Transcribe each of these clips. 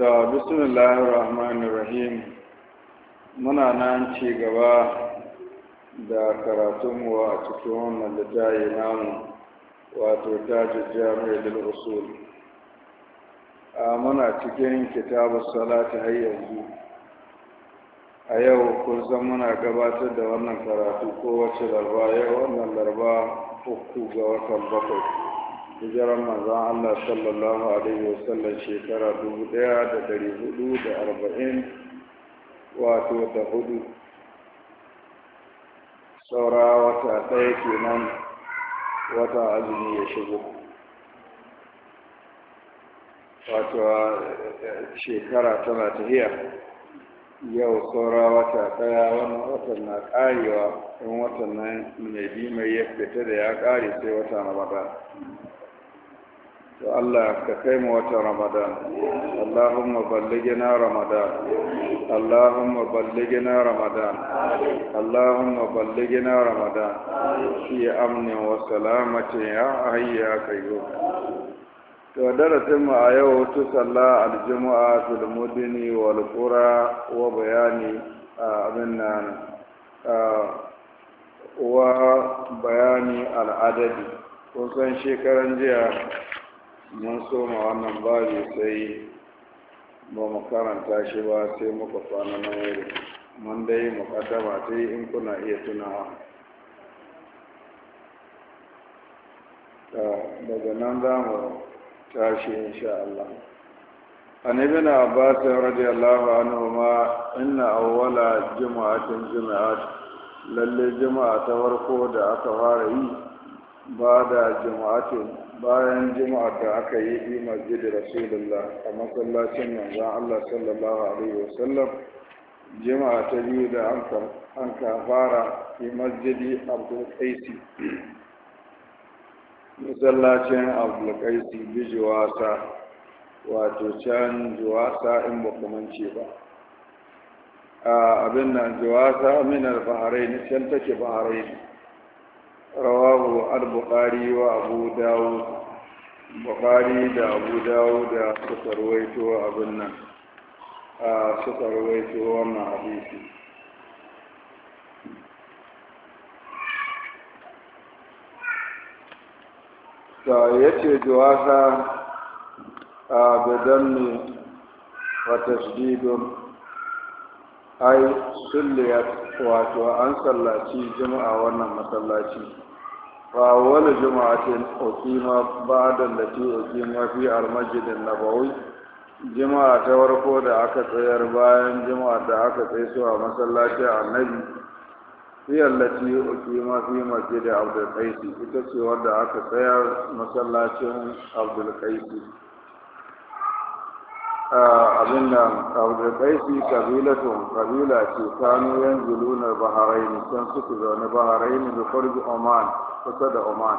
ta bismillahir rahmanir rahim muna nan ci gaba da karatunmu a cikin wannan littafi namu wato jami'a jami'ar usul a muna cikin kitab salati har yanzu a yau kun san muna gabatar da wannan karatu kowace larba yau wannan larba uku ga watan bakwai hijiran manzon Allah sallallahu alaihi wasallam shekara dubu ɗaya da ɗari hudu da arba'in wato da hudu saura wata ɗaya kenan wata azumi ya shigo wato eh, shekara tana tafiya yau saura wata ɗaya wannan watan na ƙarewa in watan nan mai bi mai ya fita da ya ƙare sai wata na maza Allah ka kai mu wata Ramadan Allahumma ballighna Ramadan Allahumma ballighna Ramadan Allahumma ballighna Ramadan fi amni wa salamatin ya hayya kayyum to darasin mu a yau to salla al-jumu'a fil mudini wal qura wa bayani abin nan wa bayani al-adadi san shekaran jiya mun soma wannan babi sai ba mu karanta shi ba sai muka kwana na wuri mun dai muƙaddama ta yi in kuna iya tunawa daga nan za mu tashi insha Allah an yi bin abbasin radiyallahu an huma ina awwala jima'atin jima'at lalle jima'a ta farko da aka fara yi ba da jima'atin bayan juma'a da aka yi fi masjid rasulullah a masallacin manzon Allah sallallahu alaihi wasallam juma'a ta biyu da an ka fara fi masjidi abdul qaisi masallacin abdul qaisi bijuwasa wato can juwasa in ba kumance ba a abin nan juwasa min al-bahrain can take bahrain rawahu al-bukhari wa abu dawud bukhari da abu dawud da suka rawaito abin nan suka rawaito wannan hadisi ta yace juwasa a badanni wa tasdidun ay sulliyat wato an sallaci juma'a wannan masallaci fa wala juma'atin uqima ba'da allati uqima fi al-masjid an-nabawi juma'a ta farko da aka tsayar bayan juma'a da aka tsaye su a masallaci annabi fi allati uqima fi masjid abdul qais ita ce wanda aka tsayar masallacin abdul qais abin da abdulkaisi kabilatun kabila ce kanu yan zulunar baharaini can suke zaune baharaini da farji oman kusa da oman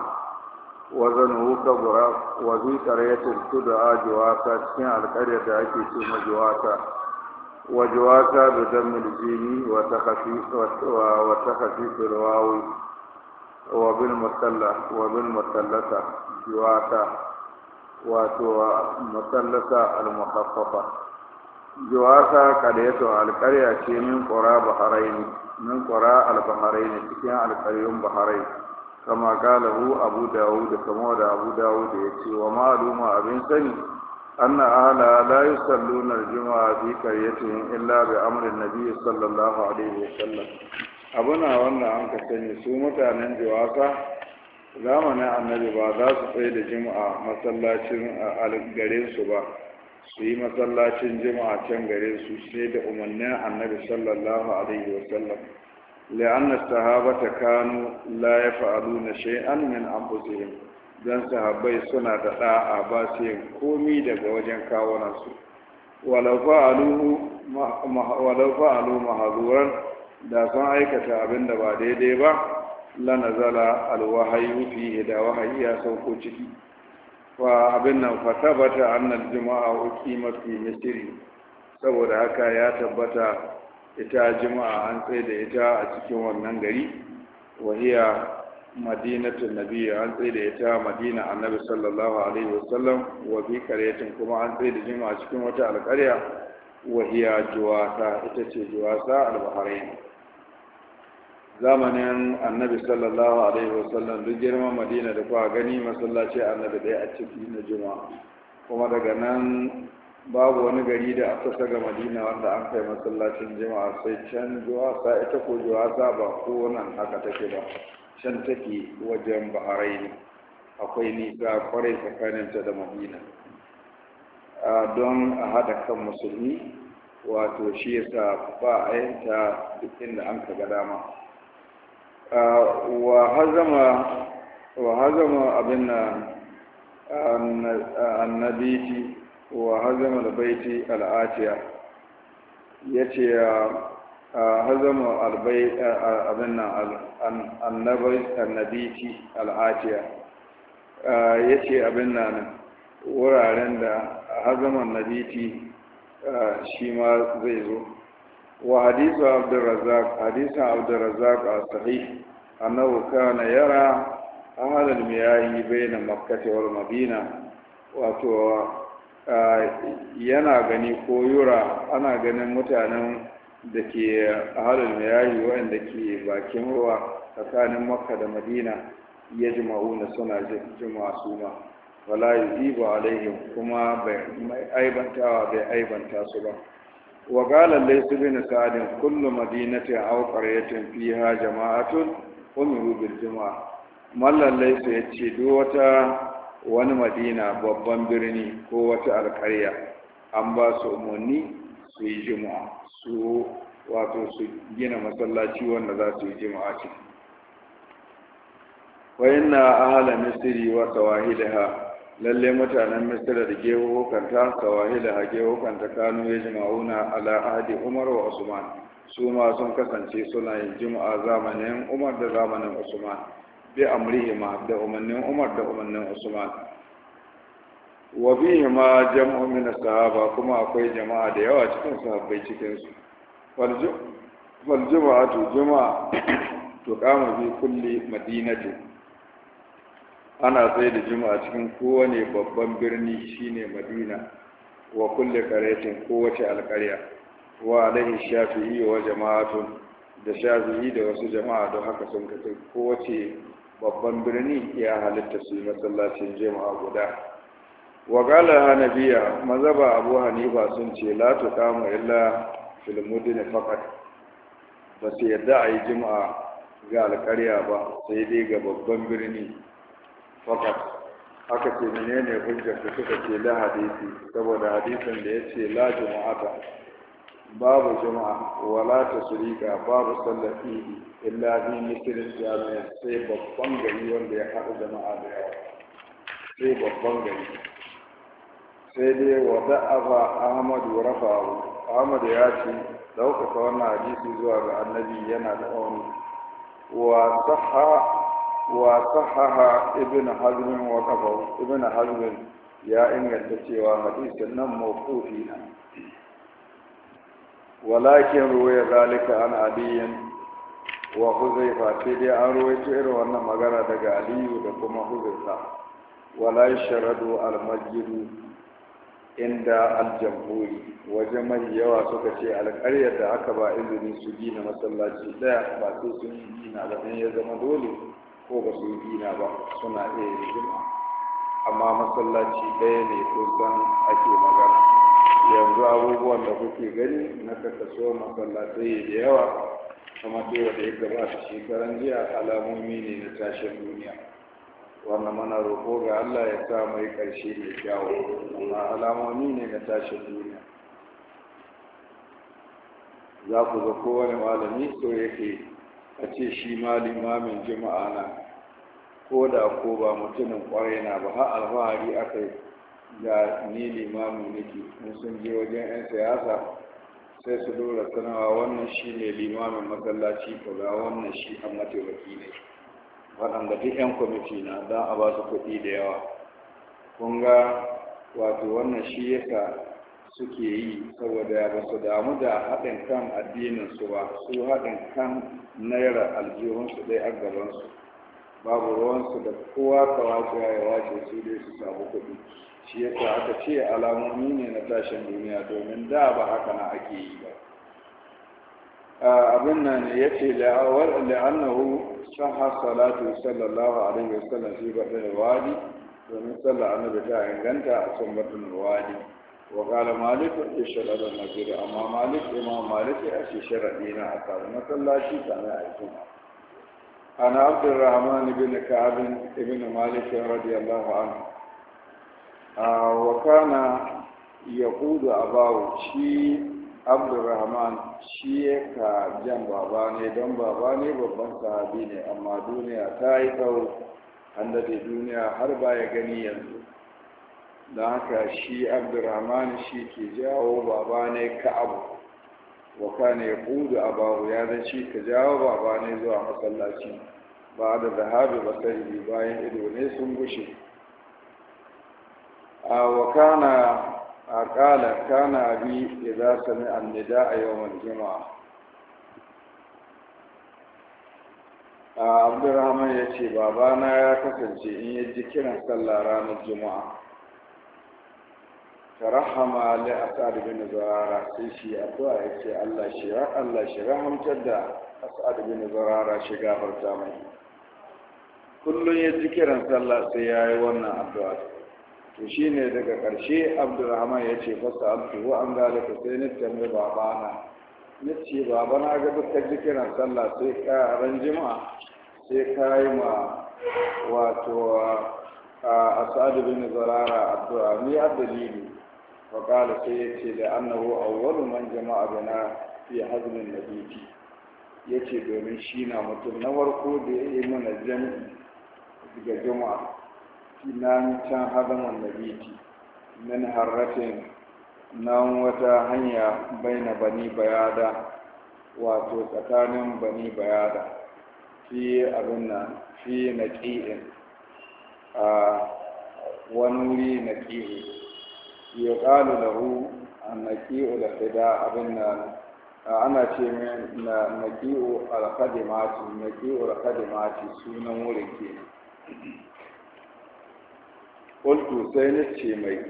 wazan huka bura wazi karyatin tudu a jiwata cikin alkaryar da ake ce ma jiwata wa jiwata da damin jini wa ta hafi firwawi wa bin musallata jiwata wato masallaka al-mukhaffafa juwasa qaryatu al-qarya ce min qura baharain min qura al-baharain cikin al-qaryun baharain kama galahu abu daud kama da abu daud yace wa ma'luma abin sani anna ahla la yusalluna al-jum'a fi qaryatihim illa bi amri an-nabi sallallahu alaihi wasallam abuna wannan an ka sani su mutanen juwasa zamanin annabi ba za su tsaye da jima'a masallacin gare su ba su yi masallacin jima'a can gare su sai da umarnin annabi sallallahu alaihi wasallam la'anna ta kanu la na shay'an min anfusihim dan sahabbai suna da da'a ba su yin komi daga wajen kawunan su walau fa'alu mahazuran da sun aikata abinda ba daidai ba lanazala alwahayu fihi da wahayi ya sauko ciki fa abin nan fa tabbata annal juma'a uqimat fi misri saboda haka ya tabbata ita juma'a an tsaye da ita a cikin wannan gari wahiya madinatu nabiy an tsaye da ita madina annabi sallallahu alaihi wasallam wa bi qaryatin kuma an tsaye da juma'a cikin wata alƙarya wahiya juwasa ita ce juwasa al-bahrain zamanin annabi sallallahu alaihi wasallam duk girman madina da kuwa gani masallaci annabi ɗaya a ciki na juma'a kuma daga nan babu wani gari da aka saga madina wanda an kai masallacin juma'a sai can juwasa ita ko juwasa ba ko nan haka take ba can take wajen ne akwai nisa kwarai tsakaninta da madina don a haɗa kan musulmi wato shi yasa ba a yanta duk inda an ka ga dama wa hazama abin na annabiti wa hazama albaiti al'atiya ya ce hazama abin na annabiti al'atiya ya ce abin na wuraren da hazama annabiti shi ma zai zo wa hadisu abdurrazzaq hadisan abdurrazzaq as-sahih annahu kana yara ahlal miyahi baina makkah wal madina wato yana gani ko yura ana ganin mutanen da ke ahlal miyahi wanda ke bakin ruwa tsakanin makka da madina ya jima'una suna jima'a suma wala yuzibu alaihim kuma bai aibantawa bai aibanta su ba wa lallai su bin sa'adin kullum madinatin aw qaryatin fiha jama'atun umiru bil juma'a. mallan laysa yace duk wata wani madina babban birni ko wata alƙarya an ba su umarni su yi juma'a su wato su gina masallaci wanda za su yi juma'a ce wa inna ahla misri wa sawahilaha lalle mutanen misira da gewokanta da hake gewokanta kanu ya wuna ala ahadi umar wa usman su ma sun kasance suna yin jima'a zamanin umar da zamanin usman bi amrihima da umarnin umar da umarnin usman wa bihima jama'u min sahaba kuma akwai jama'a da yawa cikin sahabbai cikin su fal juma'atu juma'a kama bi kulli madinati. ana sai da juma'a cikin kowane babban birni shine madina wa kulle karetin kowace alkarya wa alaihi shafi'i wa jama'atun da shafi'i da wasu jama'a don haka sun kace kowace babban birni ya halitta su yi masallacin juma'a guda wa gala hanabiya mazaba abu hanifa sun ce la Kama, illa fil mudin faqat ba su yadda a yi juma'a ga alkarya ba sai dai ga babban birni fakat aka ce ne hujjar da suka ce la hadisi saboda hadisin da ya ce la juma'ata babu juma'a wala Surika, babu sallar idi illa bi misrin jami'a sai babban gari wanda ya haɗa jama'a da yawa sai babban gari sai dai wada aba ahmadu rafa'u ahmadu ya ce ɗaukaka wannan hadisi zuwa ga annabi yana da wani wa sahha وصحها ابن حزم وقفه ابن حزم يا إن التسوى حديث النم موقوفين ولكن روي ذلك عن علي وحذيفة تدي عن روي تئر أن مغانا دقى علي ودقم حذيفة ولا يشرد المجد عند الجمهور وجمع يوا suka ce alƙaryar da aka ba izini su gina masallaci ɗaya ba sai sun gina ba ko ba su yi dina ba suna iya jima amma masallaci ɗaya ne kusan ake magana yanzu abubuwan da kuke gani na kakkaso masallatai da yawa kuma tewa da ya gabata shekaran jiya alamomi ne na tashin duniya wannan mana roƙo ga allah ya sa mai ƙarshe mai kyawu amma alamomi ne na tashin duniya za ku ga kowane malami so yake a ce shi ma limamin jima'a na ko da ko ba mutumin kwarai na ba har alfahari aka yi ga ni limamin nake in sun je wajen 'yan siyasa sai su dora sanawa wannan shi ne limamin masallaci ga wannan shi an mataimaki ne waɗanda duk 'yan kwamiti na za a ba su kuɗi da yawa kun ga wato wannan shi yasa suke yi saboda ba su damu da haɗin kan addininsu ba su haɗin kan naira aljihunsu dai a gabansu babu ruwansu da kowa ka kawace ya wace su dai su samu kuɗi shi yasa aka ce alamomi ne na tashin duniya domin da ba haka na ake yi ba abin nan ne ya ce la'annahu saha salatu sallallahu alaihi wasallam shi baɗin wadi domin sallar annabi ta inganta a sun baɗin wadi وقال مالك يشرع المسجد أما مالك إمام مالك يشرع لنا أكثر مثل لا شيء كان يعرفون أنا عبد الرحمن بن كعب بن مالك رضي الله عنه آه وكان يقود أباه شيء عبد الرحمن شيء كجنب باباني دم باباني ببن صحابيني أما دنيا تايتو عند الدنيا هربا يغني ينزل da haka shi abdurrahman shi ke jawo baba ne ka'abu wa kana ya kudu a babu ya zai shi ka jawo baba ne zuwa masallaci ba da zahabi basari bayan ido ne sun gushe a wa na a kala ya abi su sami annida a yawmal jima. a abdurrahman ya ce babana ya kasance in yi jikinan kiran sallah ranar juma'a rahama a Sa'adu bin zurara sai shi addu'a ya ce Allah shi Allah shi rahamtar da a Sa'adu bin zurara shi gafarta mai Kullum ya ji kiran sallah sai ya yi wannan addu'a to shine daga ƙarshe Abdulrahman ya yace fasa abdu wa an galika sai ni tambaye babana na ce baba na ga duka kiran sallah sai ka ran jima'a sai ka yi ma wato a asadu bin zarara addu'a ni a dalili faƙala sai ya ce da a awwalu man jama'a bana fi hazmin nabiti ya ce domin shi na mutum na warko da ya yi mana jam'i daga jama'a na can hazmin nabiti min harafin nan wata hanya baina bani bayada wato tsakanin bani bayada fi abin nan fi a wani wuri naƙi'in ya ƙalu lahu a naƙi'u da fida abin nan ana ce min na naƙi'u alƙadimati naƙi'u alƙadimati sunan wurin ke ƙultu sai ni ce mai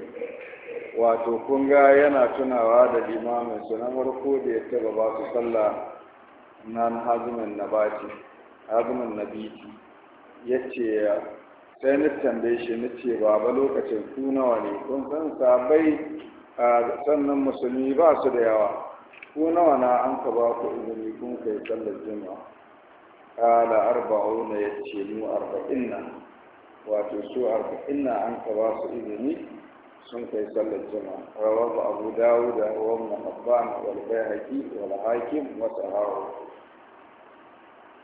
wato kun yana tunawa da limamin su na farko da ya taba ba su sallah nan hazumin nabati hazumin nabiti ya ce sai na tambaye shi na ce baba lokacin ku nawa ne kun san sabai sannan musulmi ba su da yawa ku nawa na an ka ba ku izini kun kai sallar juma'a kala arba'una ya ce mu arba'in nan wato su arba'in nan an ka ba su izini sun kai sallar jima rawar abu dawuda wa muhabban wal bayhaqi wal hakim wa sahahu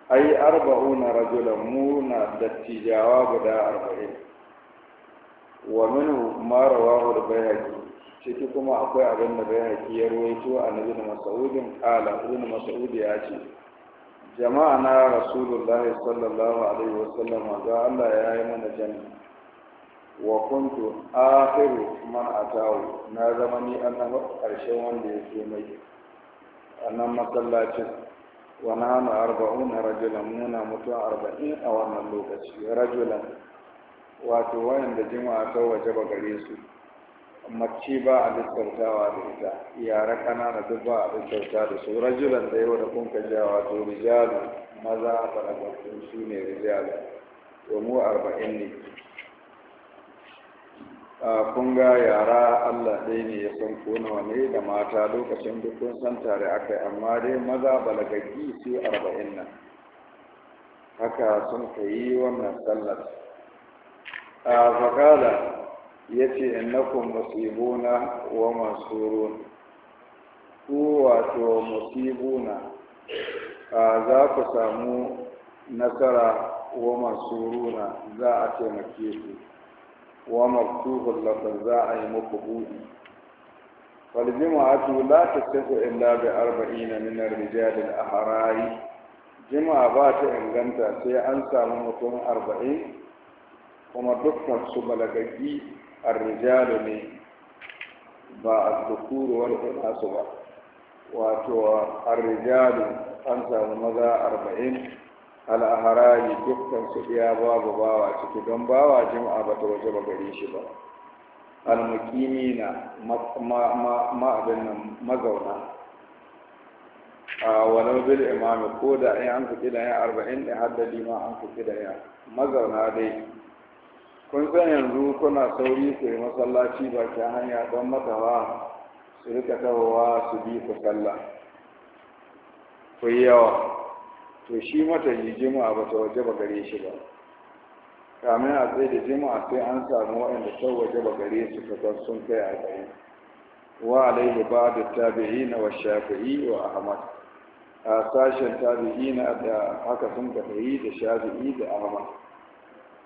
ai arba'una rajulan muna dattijawa guda arba'in wa minhu ma rawahu al-bayhaqi ciki kuma akwai abin da bayhaqi ya ruwaito a nabi mas'udin qala ibn mas'ud ya ce jama'a na rasulullah sallallahu alaihi wa sallam ga Allah ya yi mana jami'i wa kuntu akhiru man atawu na zama ni annabi karshen wanda ya zo mai annan masallacin wa nahnu arba'una rajulan muna a arba'in a wannan lokaci rajulan wato wayanda jima'a ta waje ba gare su mace ba a lissautawa da ita yara kanana duk ba a lissauta da su rajulan da yau da kun ka wato rijalu maza faragatun su ne rijalu to mu arba'in ne kun ga yara allah ɗaya ne ya san ko nawa ne da mata lokacin dukkan san tare aka yi amma dai maza balagaggi su arba'in nan haka sun ka yi wannan sallar a fakala ya ce innakun musibuna wa mansurun ku wato musibuna za ku samu nasara wa mansuruna za a taimake ku wa maktubul lakum za a yi muku buɗi wal jumu'atu la tasbihu illa bi arba'ina min ar-rijal al-ahra'i ba ta inganta sai an samu mutum arba'in kuma dukkan su balagaggi ar-rijal ne ba an samu maza arba'in al'aharari dukkan su iya babu bawa ciki don bawa jima'a bata waje ba gare shi ba almukimi na ma'abin nan mazauna a walau bil imami ko da ɗaya an fi da ya arba'in da hadda lima an fi da ya mazauna dai kun san yanzu kuna sauri ku yi masallaci ba ke hanya don matawa su rika tahowa su bi ku sallah ku yi yawa to shi mata yi jima'a ba ta waje ba gare shi ba kamin a tsaye da jima'a sai an samu waɗanda ta waje ba gare su kasan sun kai a tsaye wa alaihi ba da tabi'i na wa shafi'i wa ahmad a sashen tabi'i na da haka sun ka da shafi'i da ahmad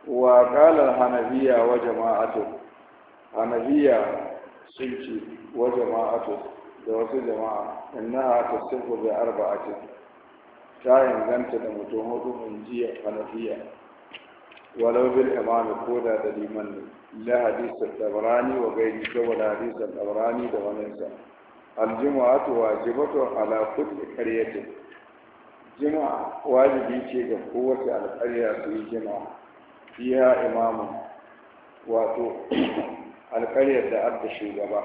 wa kalar hanabiya wa jama'atu hanabiya sun ci wa jama'atu da wasu jama'a ta tasirku bi arba'atin ta inganta da mutum hudu in jiya hanafiya walau bil imam ko da da ne la hadis al-tabrani wa gairi saboda hadis al-tabrani da wani sa al-jumu'atu wajibatu ala kulli qaryatin Jima'a wajibi ce ga kowace alƙarya su yi juma'a fiha imamun wato alƙaryar da adda shugaba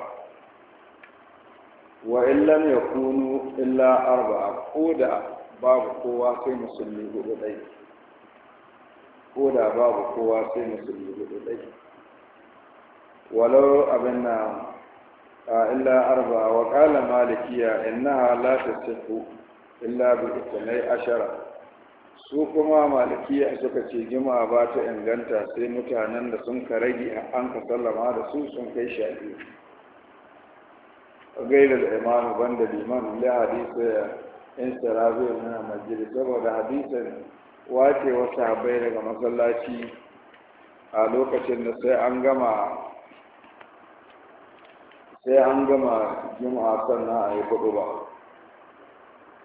wa illam yakunu illa arba'a ko da babu kowa sai musulmi hudu ɗai ko da babu kowa sai musulmi hudu ɗai walau abin na illa arba wa ƙala malikiya innaha la tasihu illa bi ithnai ashara su kuma malikiya suka ce jima ba ta inganta sai mutanen da sun ka rage an ka sallama da su sun kai sha biyu gairar imamu banda liman da sai in sarabi na majiri saboda hadisan wace wasu habai daga masallaci a lokacin da sai an gama sai an gama juma'a sannan a yi kudu ba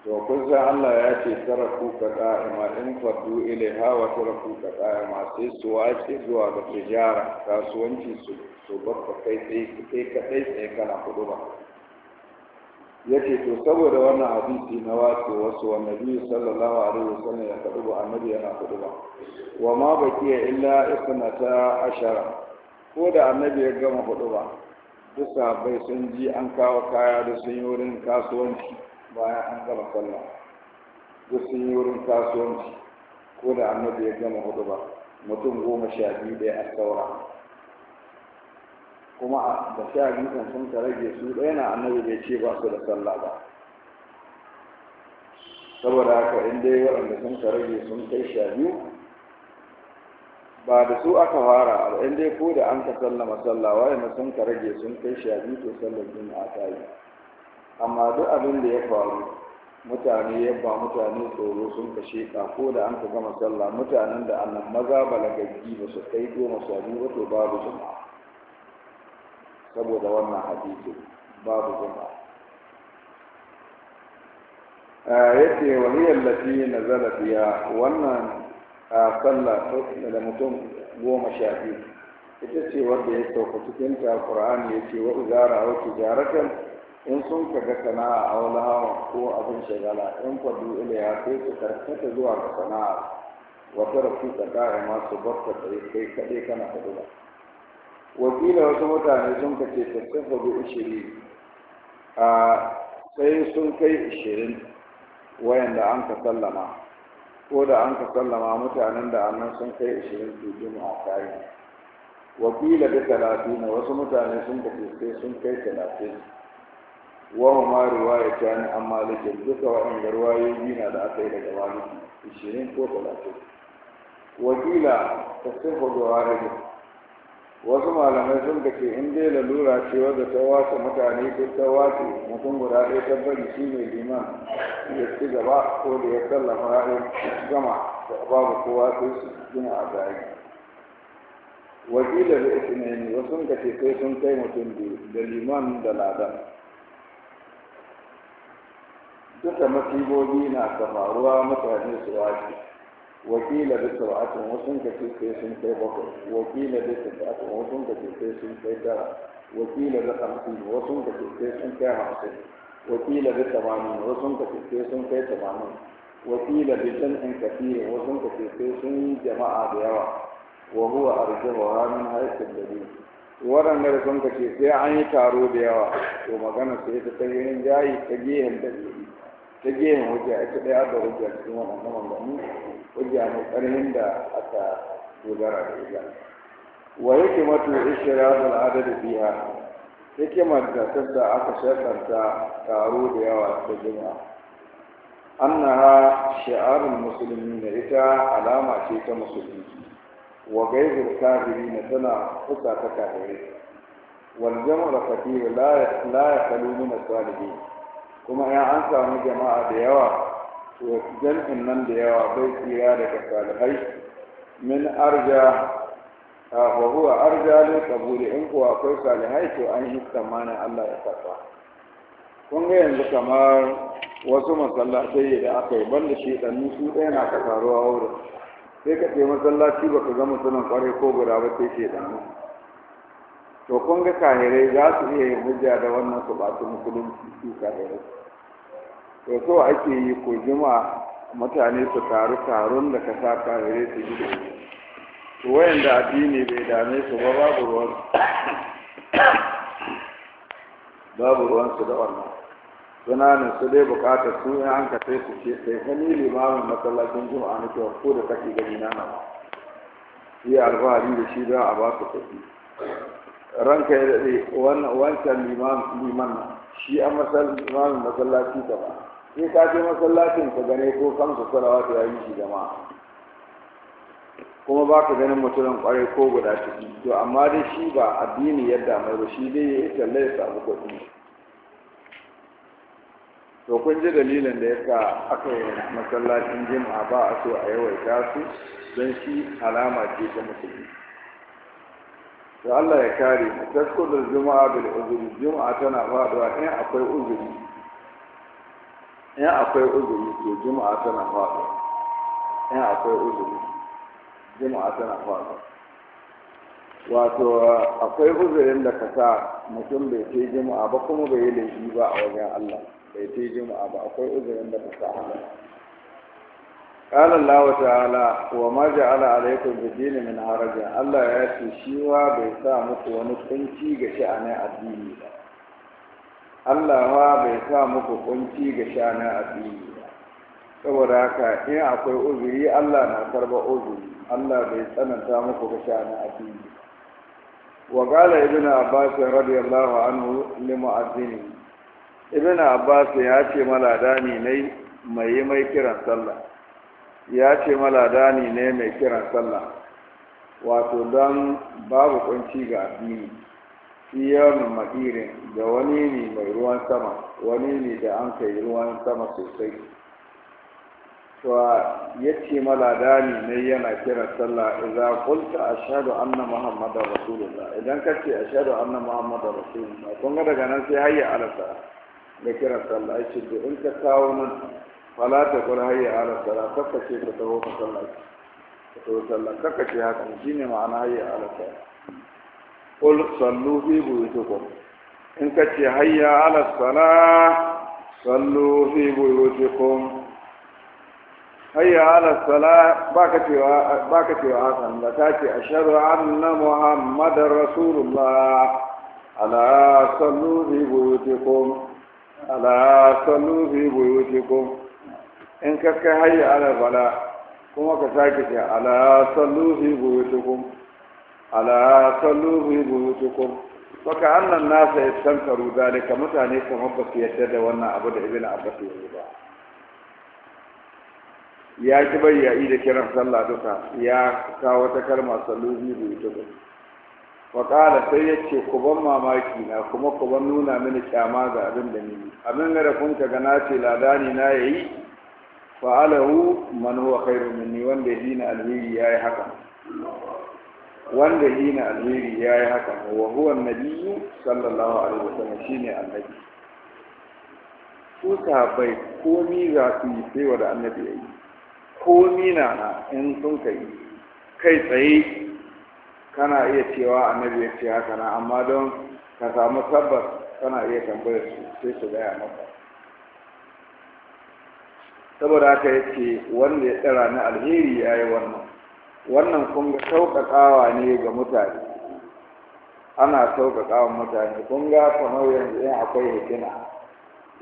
to kusa allah ya ce tara kuka ƙa'ima in fardu ilaiha wa tara kuka ƙa'ima sai su wace zuwa ga tijara kasuwanci su babba kai kaɗai kana kudu ba Yake to saboda wannan hadisi na wato wasu wa nabi sallallahu alaihi wasallam ya kadu ba annabi yana kadu ba wa ma baqiya illa isnata ashara ko da annabi ya gama kadu ba duk sahabbai sun ji an kawo kaya da sun yi wurin kasuwanci bayan an gama sallah duk sun yi wurin kasuwanci ko da annabi ya gama kadu ba mutum goma sha biyu ɗaya a saura kuma da sha biyu sun ka rage su ɗaya na annabi bai ce ba su da sallah ba saboda haka in dai waɗanda sun ka rage sun kai sha biyu ba da su aka fara in dai ko da an ka ma sallah waɗanda sun ka rage sun kai sha biyu to sallar a ta yi amma duk abin da ya faru mutane ya ba mutane tsoro sun kashe ka ko da an ka gama sallah mutanen da annan maza balagaggi ba su kai goma sha biyu ba to babu jama'a saboda wannan hadisin babu zuma yace wa hiya allati nazala biya wannan sallah da mutum goma sha biyu ita ce wanda ya sauka cikin ta qur'ani yace wa uzara wa tijaratan in sun kaga sana'a a wani hawa ko abin shagala in kwadu ila ya kai su karkata zuwa ga sana'a wata rafi tsakanin masu barka tsaye kai kaɗai kana kaɗuwa wakila wasu mutane sun ce tattafa bi ushiri a sai sun kai ishirin wayanda an ka sallama ko da an ka sallama mutanen da annan sun kai ishirin su a kayi wakila da talatin wasu mutane sun ce sai sun kai talatin wa ma riwaya ta ni an malikin duka wa'anda riwayoyi na da aka yi daga maliki ishirin ko talatin wakila tattafa bi wahidin wasu malamai sun ce in dai lalura ce wadda ta wasu mutane ko ta wasu mutum guda ɗaya ta bari shi ne liman ya ci gaba ko da ya sallama ra'ayin gama da babu kowa sai su gina a zari wakila da ne wasu sun ce sai sun kai mutum biyu da liman da ladan duka masibobi na samaruwa mutane su wasu wakila da sab'atin wasun ka ce sai sun kai bakwai wakila da sab'atin wasun ka ce sai sun kai tara wakila da hamsin wasun ka ce sai sun kai hamsin wakila da tamanin wasun ka ce sai sun kai tamanin wakila da jam'in kafirin wasun ka ce sai sun yi jama'a da yawa wa huwa arjahu min haythu dalil waɗanda da sun kace sai an yi taro da yawa to magana sai ta ta yin jayi ta gehen dalili ta gehen hujja ita ɗaya da hujja cikin waɗannan mu. hujja mai ƙarfin da aka dogara da ita wa yake mato ishirabul adadu biha hikimar da tadda aka shakanta taro da yawa ta jima annaha shi'arul musulmi da ita alama ce ta musulunci. wa gaizul kafiri na tana kusa ta kafirai wal jama'u kathir la la yakhlu min salihin kuma ya an samu jama'a da yawa to jam'in nan da yawa bai tsira daga salihai min arja wa huwa arja lil qabuli in kuwa akwai salihai to an yi tsammanin Allah ya karba kun ga yanzu kamar wasu masallatai da aka yi banda shi dan su ɗaya na ka taruwa wurin sai ka ce masallaci baka zama sunan kwarai ko guda ba sai ke dan to kun ga kahirai za su iya yin hujja da wannan su ba su musulunci su kahirai to so ake yi ko jima mutane su taru taron da ka sa gare su yi to da addini bai dame su ba babu ruwan babu ruwan su da wannan ne su dai bukatar su in an ka sai su ce sai kani limamin masallacin juma'a na kyau ko da kake gani na nan yi alfahari da shi za a ba su kuɗi ranka ya daɗe wancan liman nan shi an masallaci gaba sai ka je masallacin ka gane ko kanka salawatu ya yi shi jama'a kuma ba ka ganin mutumin kwarai ko guda ciki to amma dai shi ba addini yadda mai ba shi dai ya yi talle ya samu kuɗi to kun ji dalilin da yasa aka yi masallacin jima'a ba a so a yawaita su don shi alama ce ta musulmi to Allah ya kare mu da juma'a bil uzuri juma'a tana faduwa in akwai uzuri in akwai uzuri to juma'a tana faɗo in akwai uzuri juma'a tana faɗo wato akwai uzurin da ka sa mutum bai ce juma'a ba kuma bai yi laifi ba a wajen Allah bai ce juma'a ba akwai uzurin da ka sa haka قال الله تعالى وما جعل عليكم بالدين من حرج الله يا شيوا بيسا muku wani kunci ga sha'anin addini ba Allah bai sa muku kunci ga shana a fili saboda haka in akwai uzuri Allah na karba uzuri Allah bai tsananta muku ga shana a fili wa gala ibn abbas radiyallahu anhu li mu'azzini ibn abbas ya ce maladani ne mai mai kiran sallah ya ce maladani ne mai kiran sallah wato don babu kunci ga addini yawon mahirin da wani ne mai ruwan sama wani ne da an kai ruwan sama sosai to ya ce maladani ne yana kiran sallah idan kulta ashhadu anna muhammadar rasulullah idan ka ce ashhadu anna muhammadar rasulullah kun ga daga nan sai hayya alasa da kiran sallah ya ce da in ka kawo nan fala ta kula hayya alasa la kaka ce ka taho ka sallah ka taho sallah kaka ce haka shine ma'ana hayya alasa قل صلوا في بيوتكم إن كتي هيا على الصلاة صلوا في بيوتكم هيا على الصلاة باكتي وآثم لتاتي أشهد أن محمد رسول الله على صلوا في بيوتكم على صلوا في بيوتكم إن كتك هيا على الصلاة كما كتاكتي ألا صلوا في بيوتكم ألا صلوا في بيوتكم ala salluhu buyutukum baka annan nasa ya tankaru mutane kamar ba su da wannan abu da ibn abbas ya yi ba ya ki bai ya yi da kiran sallah duka ya kawo ta kalma salluhu buyutukum faƙala sai ya ce ku mamaki na kuma ku nuna mini kyama ga abin da ni abin da kun ka gana ce ladani na ya yi fa'alahu man huwa khairu minni wanda ya dina alheri ya yi haka wanda yi na alheri ya yi haka wa huwa nabiyyu sallallahu alaihi wasallam ne annabi su sahabbai komi za su yi sai wa da annabi ya yi komi na na in sun kai kai tsaye kana iya cewa annabi ya ce haka na amma don ka samu tabbas kana iya tambayar su sai su gaya maka saboda haka ya wanda ya tsara na alheri ya yi wannan wannan kun ga sauƙaƙawa ne ga mutane ana sauƙaƙawa mutane kun ga kamar yanzu in akwai hikima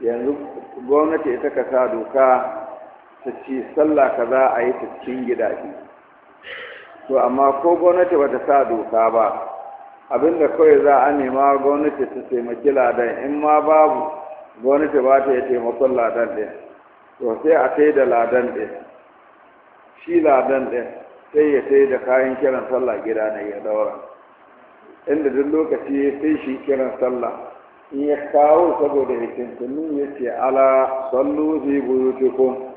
yanzu gwamnati ita ka sa doka ta ci sallah ka za a yi ta cikin gidaje to amma ko gwamnati ba ta sa doka ba abinda kawai za a nema gwamnati ta taimaki ladan in ma babu gwamnati ba ta yi taimakon ladan ɗin to sai a kai da ladan ɗin shi ladan ɗin sai ya sai da kayan kiran sallah gida na ya daura inda duk lokaci ya sai shi kiran sallah in ya kawo saboda hikintunu ya ce ala sallu fi buyutikum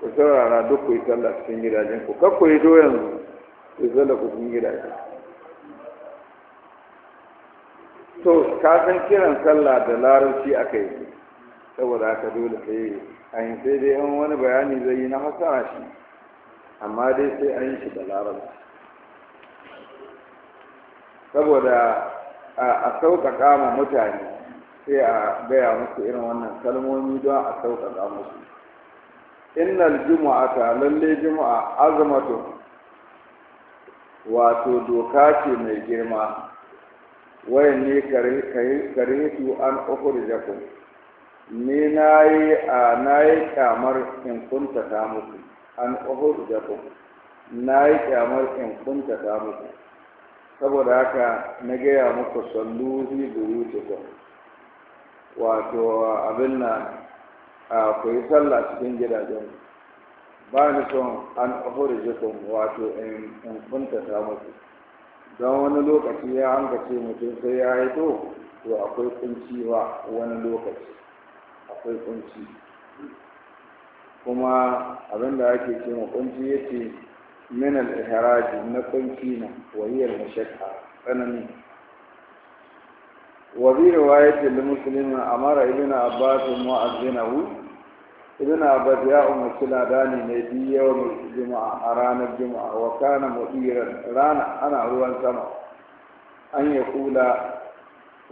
ku saurara duk ku yi sallah cikin gidajen ku kakku yi doyan ku sallah ku cikin gidajen to kafin kiran sallah da larabci aka yi saboda aka dole sai an sai dai 'an wani bayani zai yi na hasara shi amma dai sai an yi shi da laraba saboda a sauƙaƙa ma mutane sai a gaya musu irin wannan kalmomi don a sauƙaƙa musu innal ta lalle juma'a azumatu wato doka ce mai girma wayan ne kare su an ukur jakun ni na yi kamar in kunta ta muku an ƙofar da ku na yi kyamar in kunta ta muku saboda haka na gaya muku sallu zai buru cikin, wato abin na a yi sallah cikin gidajen ba ni son an ahurijikum wato in ta muku don wani lokaci ya hankace mutum sai ya yi to akwai kunci ba wani lokaci akwai kunci kuma abinda ake ce ma kunci yace min al-ihraj na kunci na wa hiya al tsanani wa bi riwayati al-muslim amara ibn abbas mu'azzinahu ibn abbas ya umarci ladani ne bi yawm juma'a a ranar juma'a wa kana mudiran rana ana ruwan sama an ya kula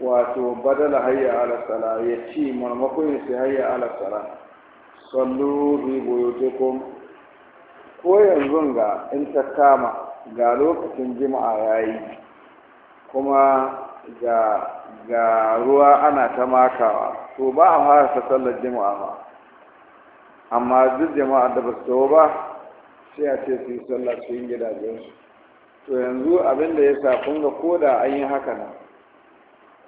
wato badala hayya ala sala ya ci marmakon ya hayya ala sala sallu fi buyutikum ko yanzu ga in ta kama ga lokacin jima'a yayi kuma ga ga ruwa ana ta makawa to ba a fara ta sallar jima'a ba amma duk jama'a da ba su ba sai a ce su yi sallar su yin gidajensu to yanzu abin da ya sa kun ga koda an yi haka nan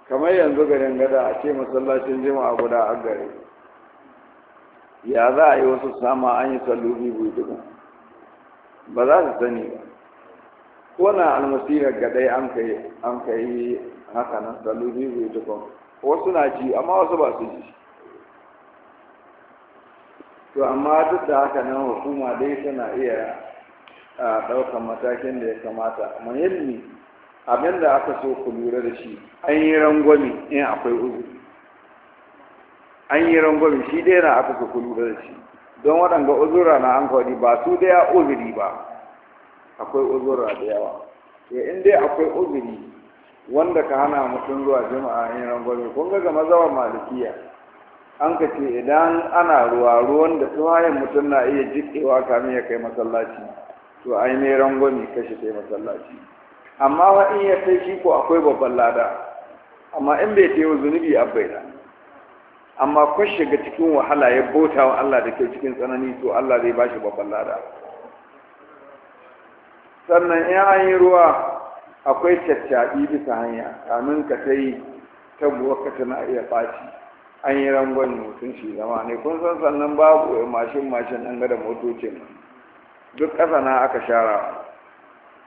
kamar yanzu garin gada a ce masallacin jima'a guda a gare ya za a yi wasu sama an yi sallubi ba za ta sani ba ko na almasirar gadai an ka yi haka nan sallubi bujugun wasu na ji amma wasu ba su ji to amma duk da haka nan hukuma dai tana iya ɗaukar matakin da ya kamata muhimmi abin da aka so ku lura da shi anyi rangwami rangwame in akwai uzuri an yi rangwami shi dai na aka ka kulu da shi don waɗanga uzura na an kawai ba su da ya uzuri ba akwai uzura da yawa ya in dai akwai uzuri wanda ka hana mutum zuwa jima'a jama'a yi rangwami kun ga gama zawar malikiya an ka ce idan ana ruwa ruwan da hayan mutum na iya jiƙewa kamin ya kai masallaci to ai mai rangwami kashe kai masallaci amma wa in ya kai shi ko akwai babban lada amma in bai tewa zunubi bai da amma ko shiga cikin wahala ya bota wa Allah da ke cikin tsanani to Allah zai bashi babban lada sannan in an yi ruwa akwai caccaɓi bisa hanya kamin ka ta yi ta ka tana iya faci. an yi rangon mutum shi zama ne kun san sannan babu mashin mashin an gada da motocin duk ƙasa na aka shara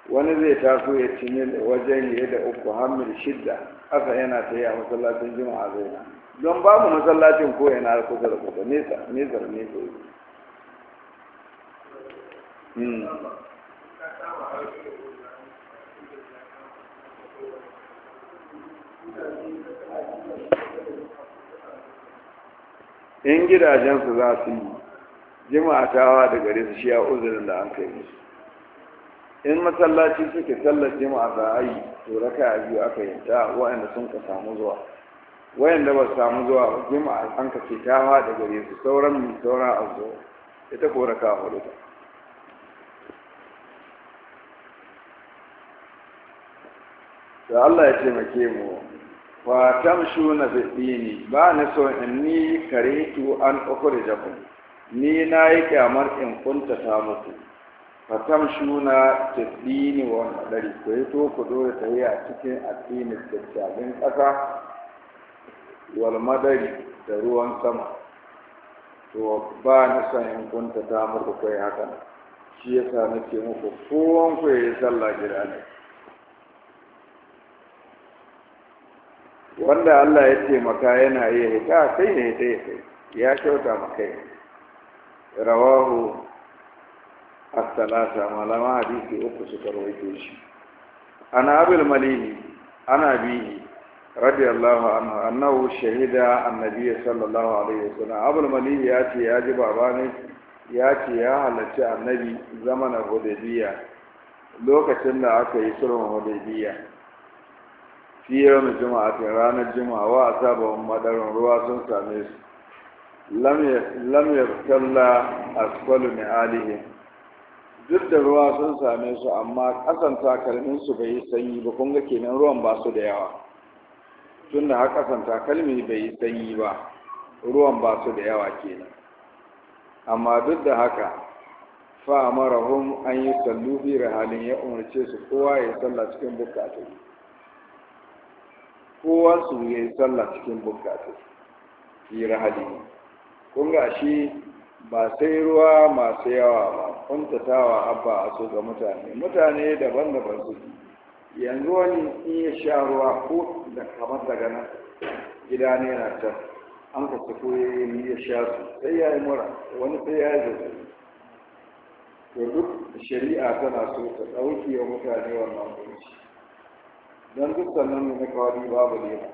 wani zai taso ya cinye wajen ya da uku hamil shidda ƙasa yana ta yi a masallacin jima'a zai na don ba mu masallacin ko yana kusa da kusa nesa nesa nesa hmm. in gidajensu za su yi jima'atawa da gare su shi a uzurin da an kai musu in masallaci suke sallar jima'a za a yi tsoraka a biyu aka yi ta, waɗanda sun ka samu zuwa wayanda ba samu zuwa juma'a an ka ce ta haɗa gare su sauran mu sauran abu ita ko raka hudu ta da Allah ya taimake mu fa tamshu na ba na so in ni tu an ukhrijakum ni na yi kyamar in kunta ta muku fa tamshu na bidini wa dari ko to ku dole yi a cikin addinin tattalin ƙasa walmadari da ruwan sama to ba ni san in kunta ta muku kai haka shi yasa nake muku kowan ku yi sallah gida ne wanda Allah ya taimaka yana iya hita sai ne dai ya kai ya kyauta maka yi rawahu as-salata malama hadisi uku suka rawaito shi ana abul malini ana bihi رضي الله عنه أنه شهد النبي صلى الله عليه وسلم أبو المليح ياتي ياجي باباني ياتي يا هلتي النبي زمن الحديبية lokacin da aka yi sulhun hudaybiya fi yawon juma'a ta ranar juma'a wa asabawan ruwa sun same su lam yaftalla asfalu min alihi duk da ruwa sun same su amma kasan takalminsu bai yi sanyi ba kun kenan ruwan ba su da yawa Tunda haka har takalmi bai yi sanyi ba ruwan ba su da yawa kenan amma duk da haka fa amarahum an yi sallu fi rahalin ya umarce su kowa ya salla cikin bukatu kowa su ya yi salla cikin bukatu fi rahalin kun ga shi ba sai ruwa masu yawa ba kuntatawa abba a so ga mutane mutane daban-daban su yanzu wani in ya sha ruwa ko da kamar daga nan gida ne na can an ka tafi ya ya sha su sai ya yi mura wani sai ya yi zazzabi to duk shari'a tana so ta ɗauki wa mutane wannan kunci don duk sannan na kawai babu lema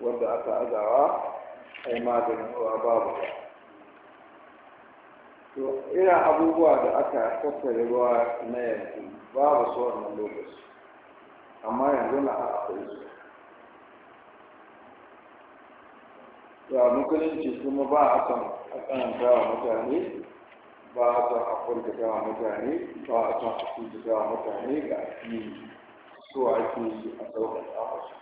wanda aka azawa ai maganin ruwa babu ba to irin abubuwa da aka tattare ruwa na yanzu babu su wannan lokaci amma yanzu na akwai su ya musulunci kuma ba a son a tsananta wa mutane ba a son a kwantata wa mutane ba a son a kwantata wa mutane ga addini so ake yi a sauƙaƙa wasu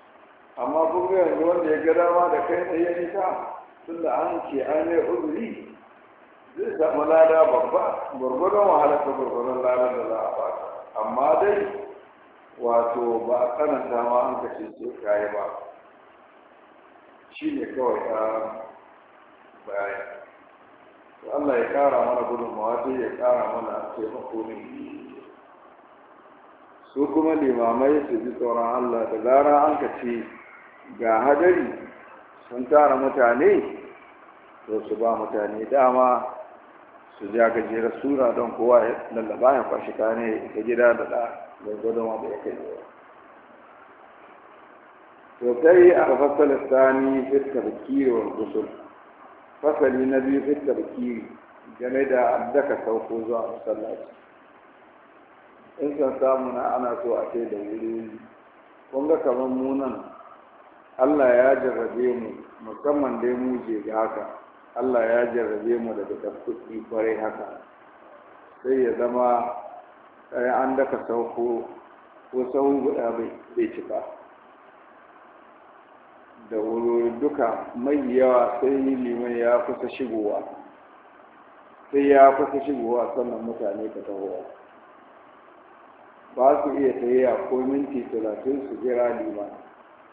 amma kun ga yanzu wanda ya gada dama da kai tsaye nisa tunda an ke an yi uzuri zai zama lada babba gurgurdon wahala ta gurgurdon lada da za a ba amma dai wato ba a tsananta ma an kashe ce kayi ba shi ne kawai ta bayan to Allah ya kara mana gudunmawa dai ya kara mana taimako ne su kuma limamai su ji tsoron Allah da zara an kace ga hadari sun tara mutane to su ba mutane dama su ja gajera sura don kowa ya lallaba ya kwashi kane ya gida da da gwargwadon wanda ya kai to sai a fasal sani fitta da wa gusul fasali na biyu fitta game da addaka sauko zuwa masallaci in san samu na ana so a ce da wuri kun ga kamar munan Allah ya jarrabe mu musamman dai mu je ga haka Allah ya jarrabe mu daga tafkuki kwarai haka sai ya zama eh, an daka sauko ko sauran guda bai cika da wuri duka mai yawa sai liman ya kusa shigowa sai ya kusa shigowa sannan mutane ka tahowa ba su iya tsayiya ko minti talatin su jira liman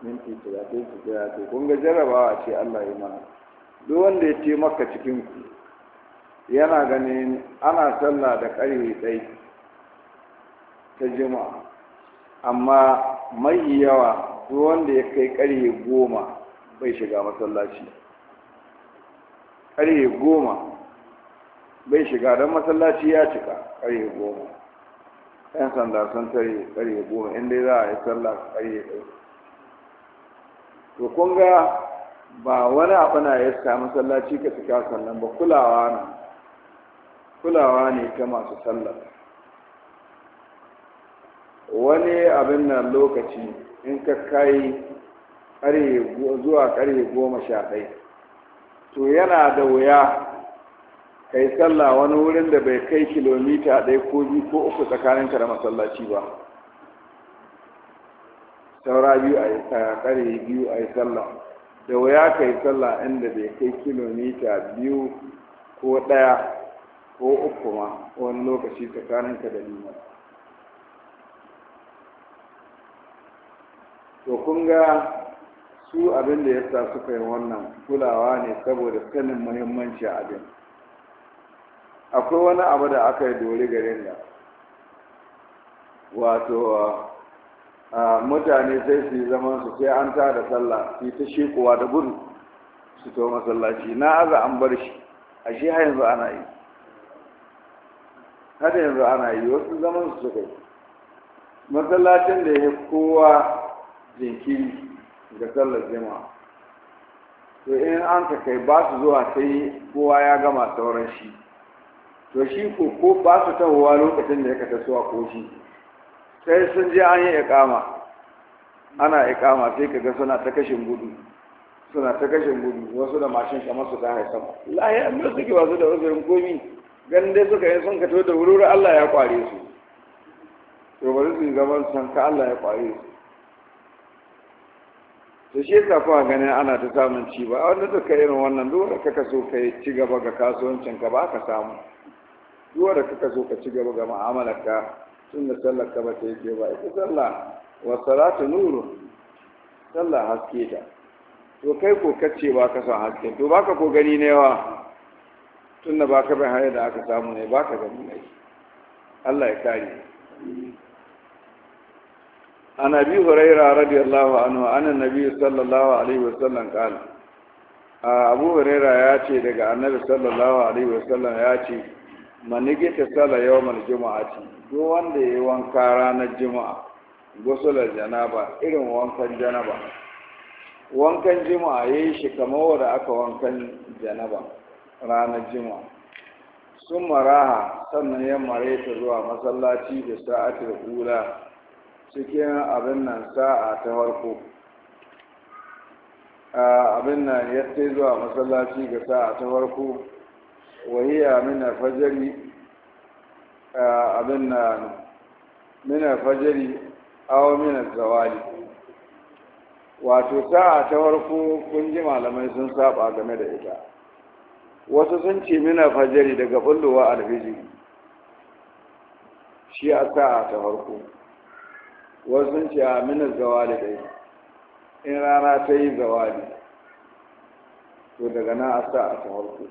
minti talatin su jira to kun ga jarrabawa ce allah ya mana duk wanda ya ce maka cikin ku yana ganin ana sallah da ƙarfe ɗai ta jima'a amma mai yawa duk wanda ya kai ƙarfe goma bai shiga masallaci ƙarfe goma bai shiga don masallaci ya cika ƙarfe goma yan sanda sun tare ƙarfe goma inda za a yi sallah ƙarfe ɗai to kun ga ba wani abu na ya sa masallaci ka cika sallan ba kulawa ne kulawa ne ta masu sallar wani abin nan lokaci in ka kai zuwa karye goma sha ɗaya to yana da wuya ka yi sallah wani wurin da bai kai kilomita ɗaya ko biyu ko uku ka da masallaci ba saura biyu a yi biyu a yi sallah da waya ka yi sallah inda bai kai kilomita biyu ko ɗaya ko uku ma wani lokaci tsakanin ka da liman to kun ga su abin da ya sa suka yi wannan kulawa ne saboda sanin muhimmanci abin akwai wani abu da aka yi dori garin da wato mutane sai su yi zaman su sai an ta da sallah su ta shekuwa da gudu su to masallaci na aza an bar shi a shi har yanzu ana yi har yanzu ana yi wasu zaman su suka yi masallacin da ya kowa jinkiri ga sallar jama'a to in an ka kai ba su zuwa sai kowa ya gama sauran shi to shi ko ko ba su tahowa lokacin da ya ka tasowa ko shi sai sun je an yi ikama ana ikama sai ka ga suna ta kashin gudu suna ta kashin gudu wasu da mashin kamar su ta sama lahiya an suke ke wasu da wasu komi ganin dai suka yi sun ka da wurin Allah ya kware su to bari su yi zaman san ka Allah ya kware su to shi yasa kuma ganin ana ta samun ci ba wanda duka irin wannan dole ka kaso ka yi ci gaba ga kasuwancin ka ba ka samu dole ka kaso ka ci gaba ga mu'amalar ka Tunda sallar ka ba ta yi ba ita sallah wa salatu nuru sallah haske ta to kai ko kace ba ka san haske to baka ko gani ne wa Tunda baka bai hanyar da aka samu ne baka gani ne Allah ya kare عن ابي هريره radiyallahu anhu عنه عن sallallahu alaihi wasallam kana abu قال ya ce daga annabi sallallahu alaihi wasallam ya ce manige ta sala jima'a juma'ati duk wanda yayi wanka ranar juma'a gusular janaba irin wankan janaba wankan juma'a yayi shi kamar wanda aka wankan janaba ranar juma'a sun maraha sannan ya mare ta zuwa masallaci da sa'atul ula cikin abin nan sa'a ta farko abin nan ya zuwa masallaci ga sa'a ta farko wahiya mina fajari abin na mina fajari awa mina zawali wato sa ta farko kun ji malamai sun saba game da ita wasu sun ce mina fajari daga bullowa alfijiri shi a sa'a ta farko wasu sun ce a mina zawali ɗai in rana ta yi zawali to daga na a sa ta farko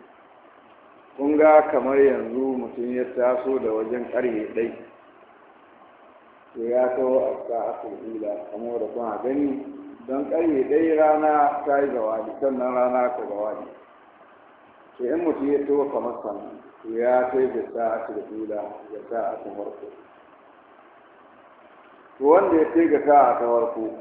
kun ga kamar yanzu mutum ya taso da wajen karye dai to ya kawo a sa'atul ila kamar da kuma gani don karye dai rana ta yi zawadi sannan rana ta zawadi to in mutum ya taho kamar san to ya kai da sa'atul ila da sa'atul farko to wanda ya kai ga sa'a ta farko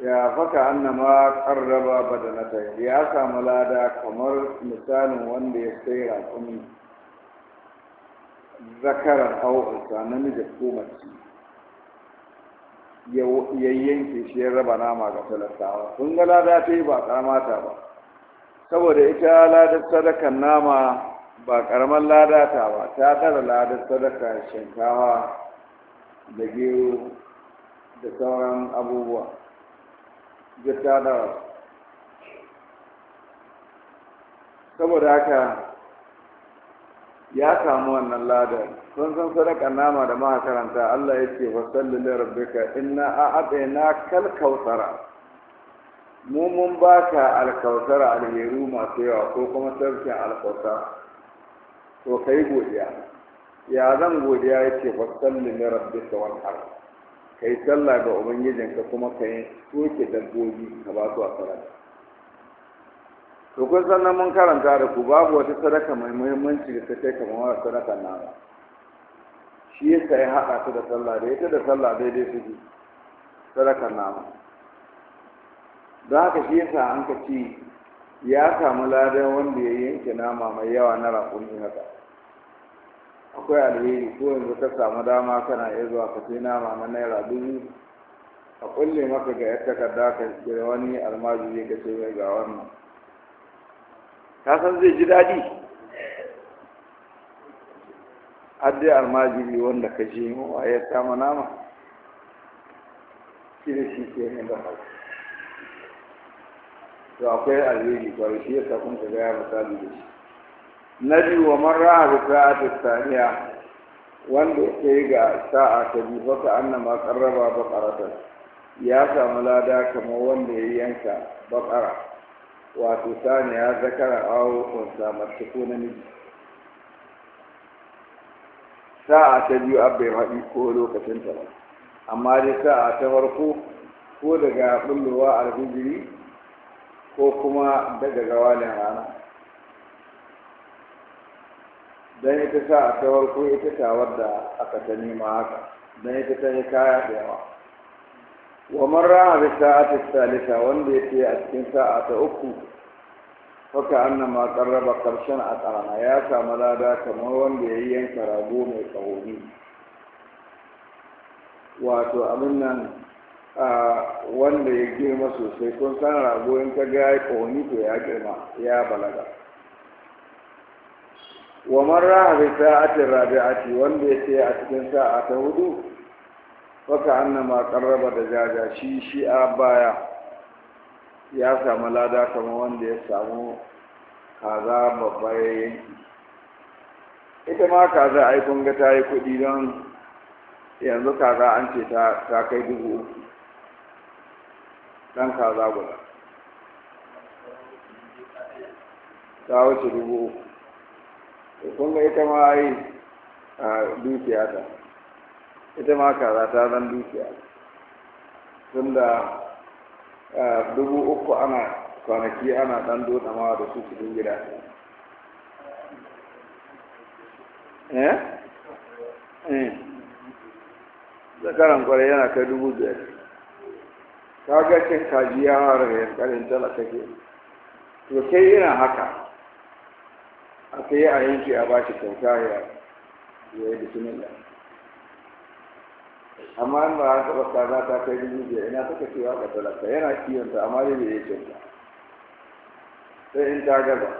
ya faka annama karraba badanata ya samu lada kamar misalin wanda ya sai raƙumi zakarar au'unsa namijin ko ya yanke shi ya raba nama ga talakawa kun ga lada ta yi ba karamata ba saboda ita ladar sadakar nama ba karamar lada ta ba ta tara ladar sadaka shinkawa da gero da sauran abubuwa jaddadawa saboda haka ya samu wannan ladar sun san sadaka nama da maha karanta Allah ya ce fasalli li rabbika inna na kal kautsara mu mun baka alkautara alheru masu yawa ko kuma sarkin alkautara to kai godiya ya zan godiya ya ce fasalli li rabbika wanhar ka yi sallah ga ubangijinka kuma ka yi soke dabbobi ka ba su a sadaka to kun sannan mun karanta da ku babu wata sadaka mai muhimmanci da ta kai kamar wata sadaka nama shi ya haɗa ta da sallah da ita da sallah daidai suke na nama don haka shi yasa an ka ci ya samu ladan wanda ya yanke nama mai yawa na raƙumi haka akwai alheri ko yanzu ka samu dama kana iya zuwa ka sai nama na naira dubu a kulle maka ga yadda takarda ka kira wani zai ka sai mai ga wannan ka san zai ji daɗi har dai ne wanda ka ji a ya samu nama shi da shi ke yin da to akwai alheri kwarai shi ya sa kun ka gaya misali da shi na biyu wa marra bi sa'ati saniya wanda ya ga sa'a ta biyu fa annama qarraba baqaratan ya samu lada kamar wanda ya yanka baqara wato saniya zakara awo kunsa mace ko namiji sa'a ta biyu abbai haɗi ko lokacin ta ba amma dai sa'a ta farko ko daga bullowa alhijiri ko kuma daga gawalin rana don ita sa a tawar ko ita tawar da aka ta nema haka don ita ta yi kaya da yawa wa marra a bisa a wanda ya ce a cikin sa'a ta uku faka anna ma karraba karshen a karana ya samu lada kamar wanda ya yi yanka rago mai tsawoni wato abin nan a wanda ya girma sosai kun san rago in ka ga ya tsawoni to ya girma ya balaga wa marra bi sa'atin rabi'ati wanda ya ce a cikin sa'a ta hudu faka annama qarraba da jaja shi shi a baya ya samu lada kamar wanda ya samu kaza babbar yanki ita ma kaza ai kun ga ta yi kuɗi don yanzu kaza an ce ta kai dubu uku ɗan kaza guda ta wuce dubu uku sun ga ita ma ai a dukiya ta ita ma kaza ta zan dukiya tunda dubu uku ana kwanaki ana dan ma da su cikin gida eh? Eh. zakaran kwarai yana kai dubu biyar ka ga kaji ya fara ga yankarin talaka ke to sai irin haka a sai a yanke a ba shi kyauta ya yi bismillah amma in ba haka ba kaza ta kai dubu biyar ina suka ce ga talaka yana kiwonta amma dai bai yi kyauta sai in ta gaza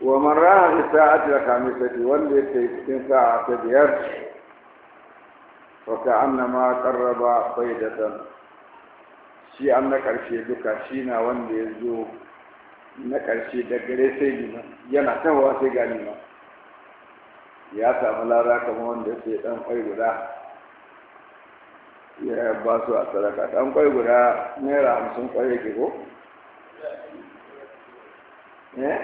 wa man raha bi sa'ati la kamisati wanda ya ce cikin sa'a ta biyar annama, ka bai da baydatan shi an na ƙarshe duka shi na wanda ya zo na ƙarshe da gare sai gina yana tawa sai gani ma. ya samu lara kamar wanda sai ɗan ƙwai guda ya ba su a sadaka ɗan ƙwai guda naira hamsin ƙwai ke ko? Eh?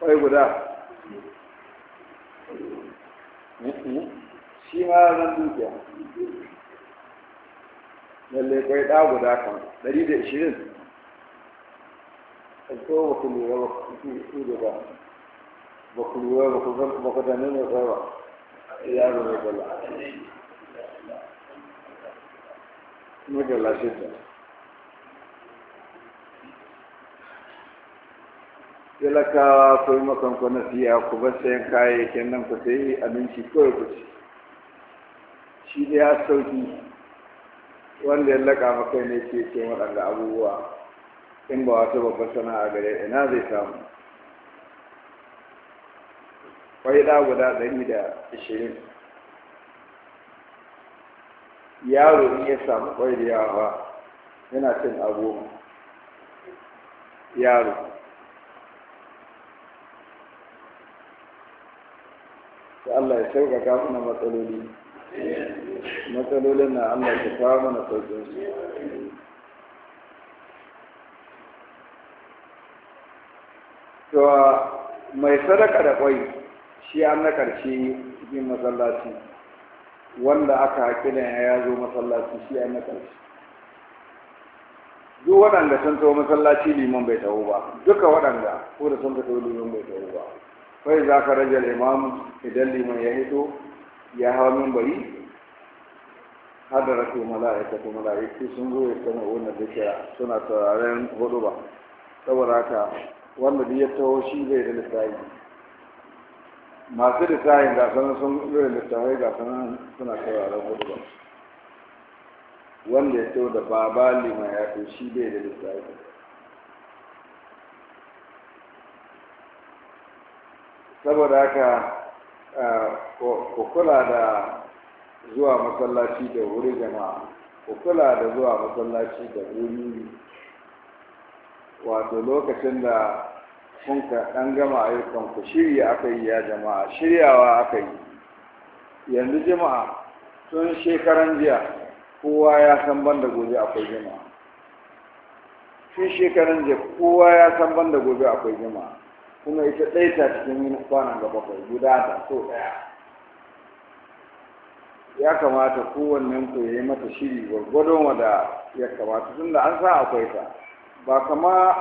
ƙwai guda eh, eh. shi ma zan dukiya lalle kwai ɗa guda kan ɗari da ishirin ko ba ku lura ba ku da ba ba ku lura ba ku zan ba ku da nuna tsawa yaro ne bala magala shidda talakawa ko yi makonko na siya ku bar sayan kayayyakin nan ku sai abinci kawai ku ci shi da ya sauki wanda ya laka maka ne ke ce waɗanda abubuwa in ba wata babbar sana'a gare ina zai samu faida guda ɗari da ashirin yaro in ya samu kwai da yawa yana cin abu yaro Allah ya sauƙaƙa mana matsaloli matsalolin na Allah ka kawo na sauƙin su to mai sadaka da kwai shi an na ƙarshe cikin masallaci wanda aka haƙi da ya zo masallaci shi an na ƙarshe duk waɗanda sun taho masallaci liman bai taho ba duka waɗanda ko da sun ka liman bai taho ba kai za ka rajar imam idan liman ya hito ya hawa mimbari hadaratu da mala'iku sun zo ya sama wannan zikira suna sauraren hudu ba saboda haka wanda da ya taho shi zai da littafi masu littafi ga sanan sun zai littafi ga sanan suna sauraren hudu ba wanda ya taho da baba lima ya to shi zai da littafi saboda haka ku kula da zuwa masallaci da wuri jama'a ku kula da zuwa masallaci da wuri wato lokacin da kun ka ɗan gama ayyukan ku shirya aka yi ya jama'a shiryawa aka yi yanzu jama'a tun shekaran jiya kowa ya san banda gobe akwai jama'a tun shekaran jiya kowa ya san banda gobe akwai jama'a kuma ita ɗaya ta cikin yin kwana ga bakwai guda ta so ɗaya ya kamata kowanne ku ya yi mata shiri gwargwadon wada ya kamata tun da an sa akwai ta ba kama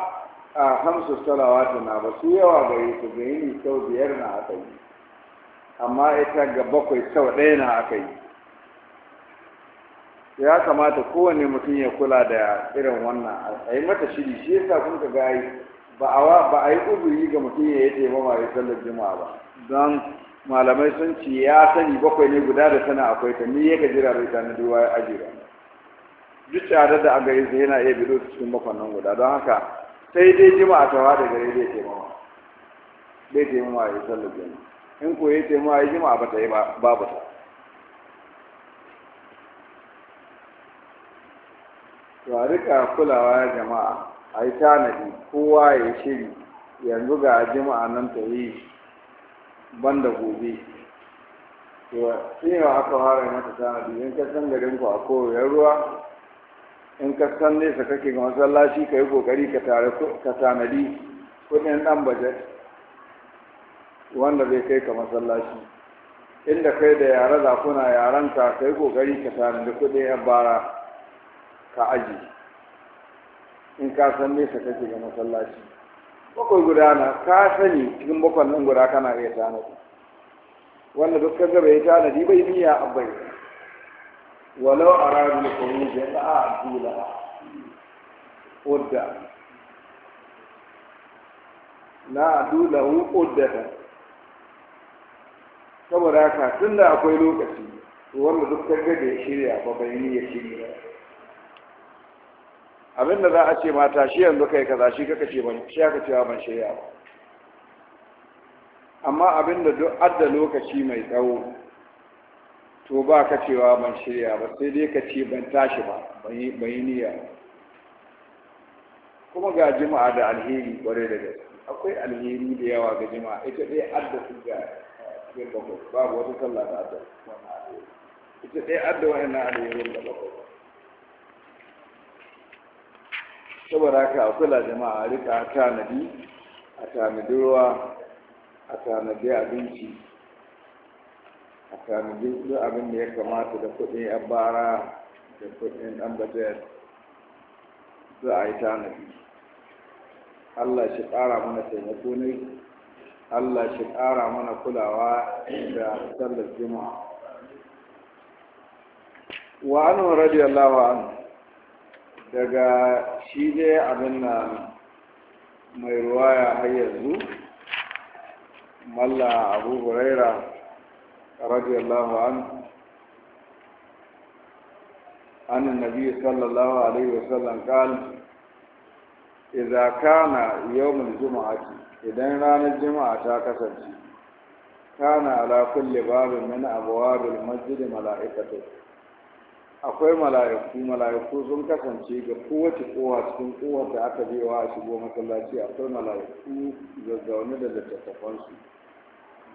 a hamsu ta na ba su yawa yi su ga yini sau biyar na aka yi amma ita ga bakwai sau ɗaya na aka yi ya kamata kowane mutum ya kula da irin wannan a yi mata shiri shi yasa kun ga yi ba a yi uzuri ga mutum ya yi taimama ya sallar juma'a ba don malamai sun ce ya sani bakwai ne guda da sana akwai ta ni ya gajira da ita na duwa ya ajira ba duk tare da an gari yana iya bido cikin bakwai nan guda don haka sai dai juma'a ta wada gari zai taimama zai ma ya sallar juma'a in ko ya taimama ya juma'a ba ta yi ba babu ta to a rika kulawa jama'a a yi tanadi kowa ya shiri yanzu ga jima'a nan ta yi banda gobe to tsinewa aka fara mata tanadi in ka san garin ku a koyar ruwa in ka san nesa kake ga masallaci ka yi kokari ka tanadi kudin dan bajet wanda bai kai ka masallaci inda kai da yare da kuna yaranka ka yi kokari ka tanadi kudin yan bara ka aji in ka san nesa kake ga masallaci bakwai guda na ka sani cikin bakwan nan guda kana iya tanadi wanda duk ka gaba ya tanadi bai niyya bai walau a ranar kuru da a dula odda na odda ta saboda haka tun da akwai lokaci wanda duk ka gaba ya shirya ba bai niyya shirya abin da za a ce mata shi yanzu kai kaza shi kaka ce ban shi aka cewa ban shirya ba amma abin da duk adda lokaci mai tsawo to ba ka cewa ban shirya ba sai dai ka ce ban tashi ba ban yi niyya kuma ga jima'a da alheri kwarai da gaske akwai alheri da yawa ga jima'a ita dai adda su eh, ga cikin bakwai babu wata sallah da adda wannan alheri ita dai adda wannan alheri da bakwai saboda haka a kula jama'a a rika tanadi a tanadi ruwa a tanadi abinci a tanadi duk abin da ya kamata da kuɗin yan bara da kuɗin ɗan bajet za a yi tanadi allah shi ƙara mana taimako ne allah shi ƙara mana kulawa da sallar juma'a وعنه رضي الله عنه daga shi dai abin na mai ruwaya har yanzu malla abu huraira radiyallahu an an nabi sallallahu alaihi wasallam qala idza kana yawmul jumu'ati idan ranar juma'a ta kasance kana ala kulli babin min abwabil masjid mala'ikatu akwai mala'iku mala'iku sun kasance ga kowace kowa cikin kowar da aka wa a shigo masallaci akwai mala'iku zazzaune da littattafansu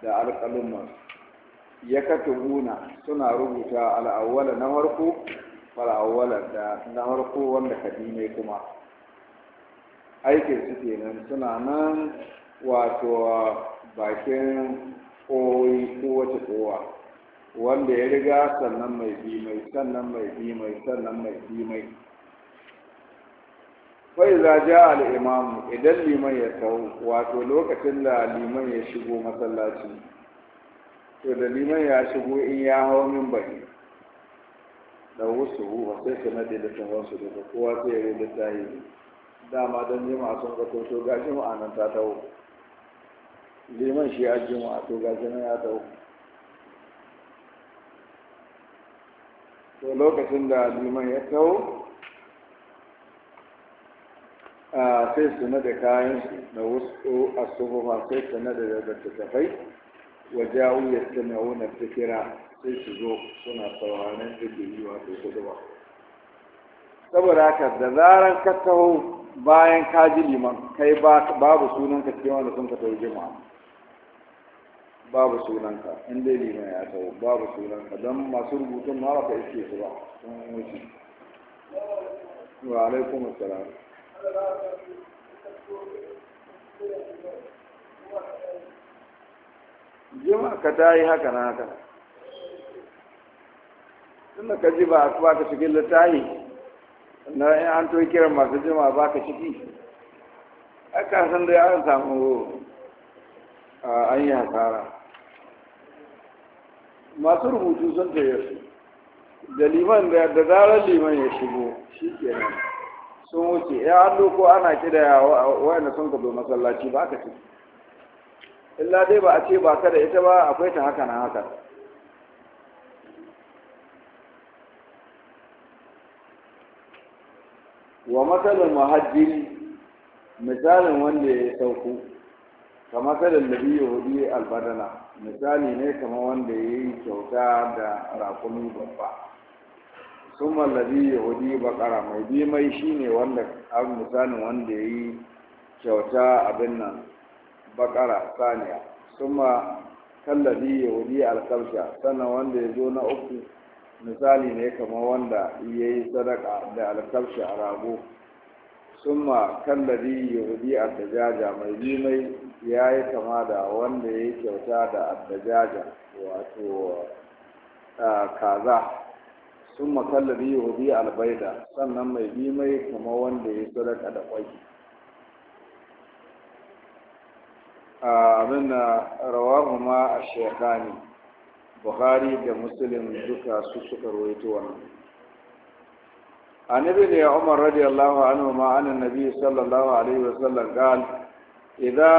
da alƙalin ya guna, suna rubuta al'awwala na farko fal'awwala da na farko wanda ne kuma aikin su kenan suna nan wato bakin kowace kowa wanda ya riga sannan mai bi mai sannan mai bi mai sannan mai bi mai fai zaja al'imamu idan liman ya tau wato lokacin da liman ya shigo masallaci to da liman ya shigo in ya hau min bari da wasu huwa sai su nade da su daga kowa sai ya yi littahi dama don jima'a sun zato to ga ta tau liman shi a ji to ga na ya tau to lokacin da liman ya taho a sai su nada kayan su na wasu a sufufa sai su nada da tattafai waje ya na wuna kira sai su zo suna sauraron digiri wato ba, saboda haka da zaran ka taho bayan ka ji liman kai babu sunan ka cikin wanda sun ka taho jima'a babu sunanka in dai liman ya taho babu sunanka don masu rubutun ma ba ka iske su ba sun wuce wa alaikum assalam jima ka ta yi haka na haka tunda ka ji ba ba ka cikin littafi, na in an to kiran masu jima ba ka ciki aka san dai an samu an yi hasara masu rubutu sun tafiya su da liman da zarar liman ya shigo shi kenan sun wuce ya hannu ko ana kida wayanda sun kabo masallaci ba ka ce illa dai ba a ce ba ka da ita ba akwai ta haka na haka wa matsalin mahajjiri misalin wanda ya sauko kamar sadar da biyu hudu albadala misali ne kamar wanda ya yi kyauta da rakumi babba sun mallabi yahudi bakara mai bi mai ne wanda an misalin wanda ya yi kyauta abin nan bakara saniya sun ma kallabi yahudi alkarsha sannan wanda ya zo na uku misali ne kamar wanda ya yi sadaka da a rago summa kallari yahudi addajaja mai limai ya yi kama da wanda ya yi kyauta da addajaja wato kaza summa kallari yahudi albaida sannan mai limai kama wanda ya yi sadaka da kwai abin da rawahu ma a shekani buhari da muslim duka su suka rawaito wannan annabi ne umar radiyallahu anhu ma anan nabi sallallahu alaihi wasallam qal idza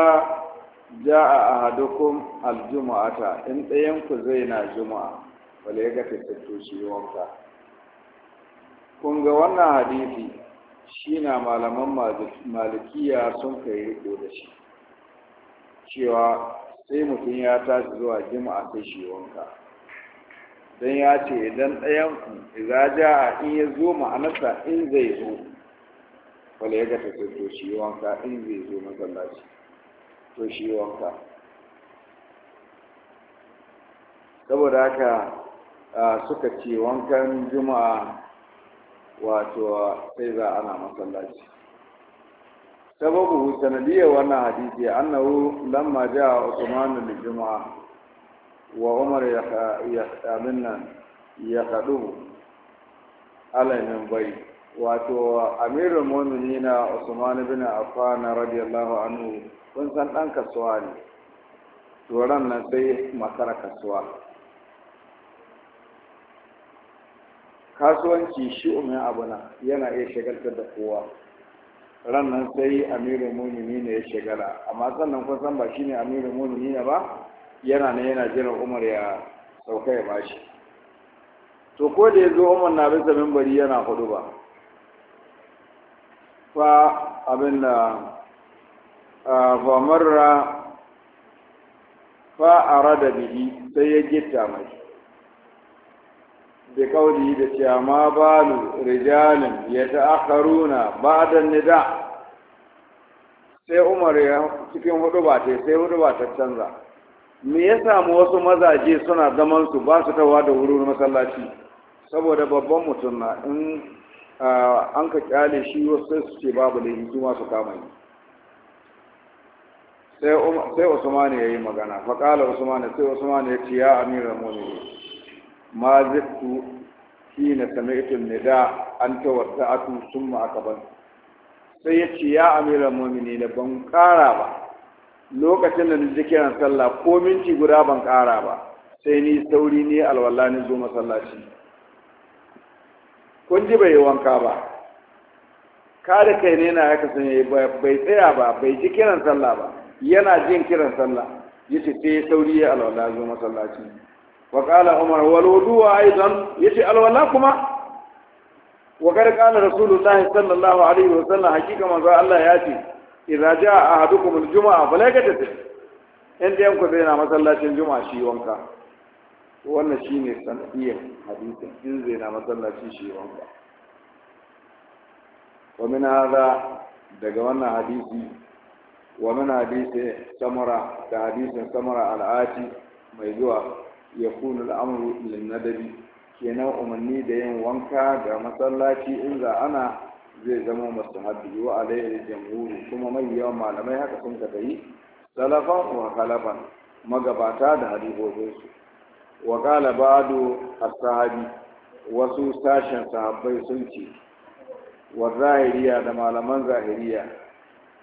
jaa ahadukum aljum'ata in dayan ku zai na juma'a wala ya ga tattattu shi wanka Kunga wannan hadisi shi na malaman malikiya sun kai riko da shi cewa sai mutum ya tashi zuwa jima'a kai shi wanka don ya ce idan ɗayanku iza ja in ya zo ma'anarsa in zai zo wala ya gata to shi wanka in zai zo masallaci to shi wanka saboda haka suka ce wankan juma'a wato sai za ana masallaci sababu sanadiyar wannan hadisi annahu lamma ja'a usman lil juma'a wa umar ya على nan ya kaɗu alamin bai wato amirul mu'mini na usman bin affan radiyallahu anhu kun san dan kasuwa ne to ran sai kasuwa kasuwanci shi umin abu yana iya shagaltar da kowa ran nan sai amirul mu'mini ne ya shagala amma sannan kun san ba shine amirul mu'mini ba yana ne yana jiran umar ya sauka ya bashi to ko da ya zo umar na bisa mimbari yana hudu ba fa abin da fa marra fa arada bihi sai ya gitta mai da kauli da cewa ma balu rijalin ya ta'akharuna ba'da nida sai Umar ya cikin hudu ba sai hudu ba ta canza me ya samu wasu mazaje suna zaman su ba su tawa da wurin masallaci saboda babban mutum na in an ka kyale shi wasu su ce babu laifi su masu kama yi sai usmani ya yi magana faƙala usmani sai usmani ya ce ya amirar mummuni ma zittu shi na ne da an tawarta atu sun ma'akaban sai ya ce ya amirar ne da ban ƙara ba lokacin da nake kiran sallah ko minti guda ban ƙara ba sai ni sauri ne alwala ni zo masallaci kun ji bai wanka ba ka da kai ne na yaka sanya bai tsaya ba bai ji kiran sallah ba yana jin kiran sallah yace sai sauri ya alwala zo masallaci wa qala umar wal wudu aidan yace alwala kuma wa qala rasulullahi sallallahu alaihi wasallam hakika manzo Allah ya ce idza kuma Juma'a bala ga tafi in da yanku zai na masallacin juma'a shi wanka wannan shine sanadiyyar hadisin in zai na masallaci shi wanka wa min hada daga wannan hadisi wa min hadisi samara da hadisin samara al'ati mai zuwa ya kunu al'amru lin nadabi kenan umarni da yin wanka ga masallaci in za ana zai zama mustahabbi wa alaihi jamhuri kuma mai yawan malamai haka sun ka yi salafa wa kalaban magabata da hadihohinsu wa qala ba'du as-sahabi wasu sashen sahabbai sun ce wa zahiriya da malaman zahiriya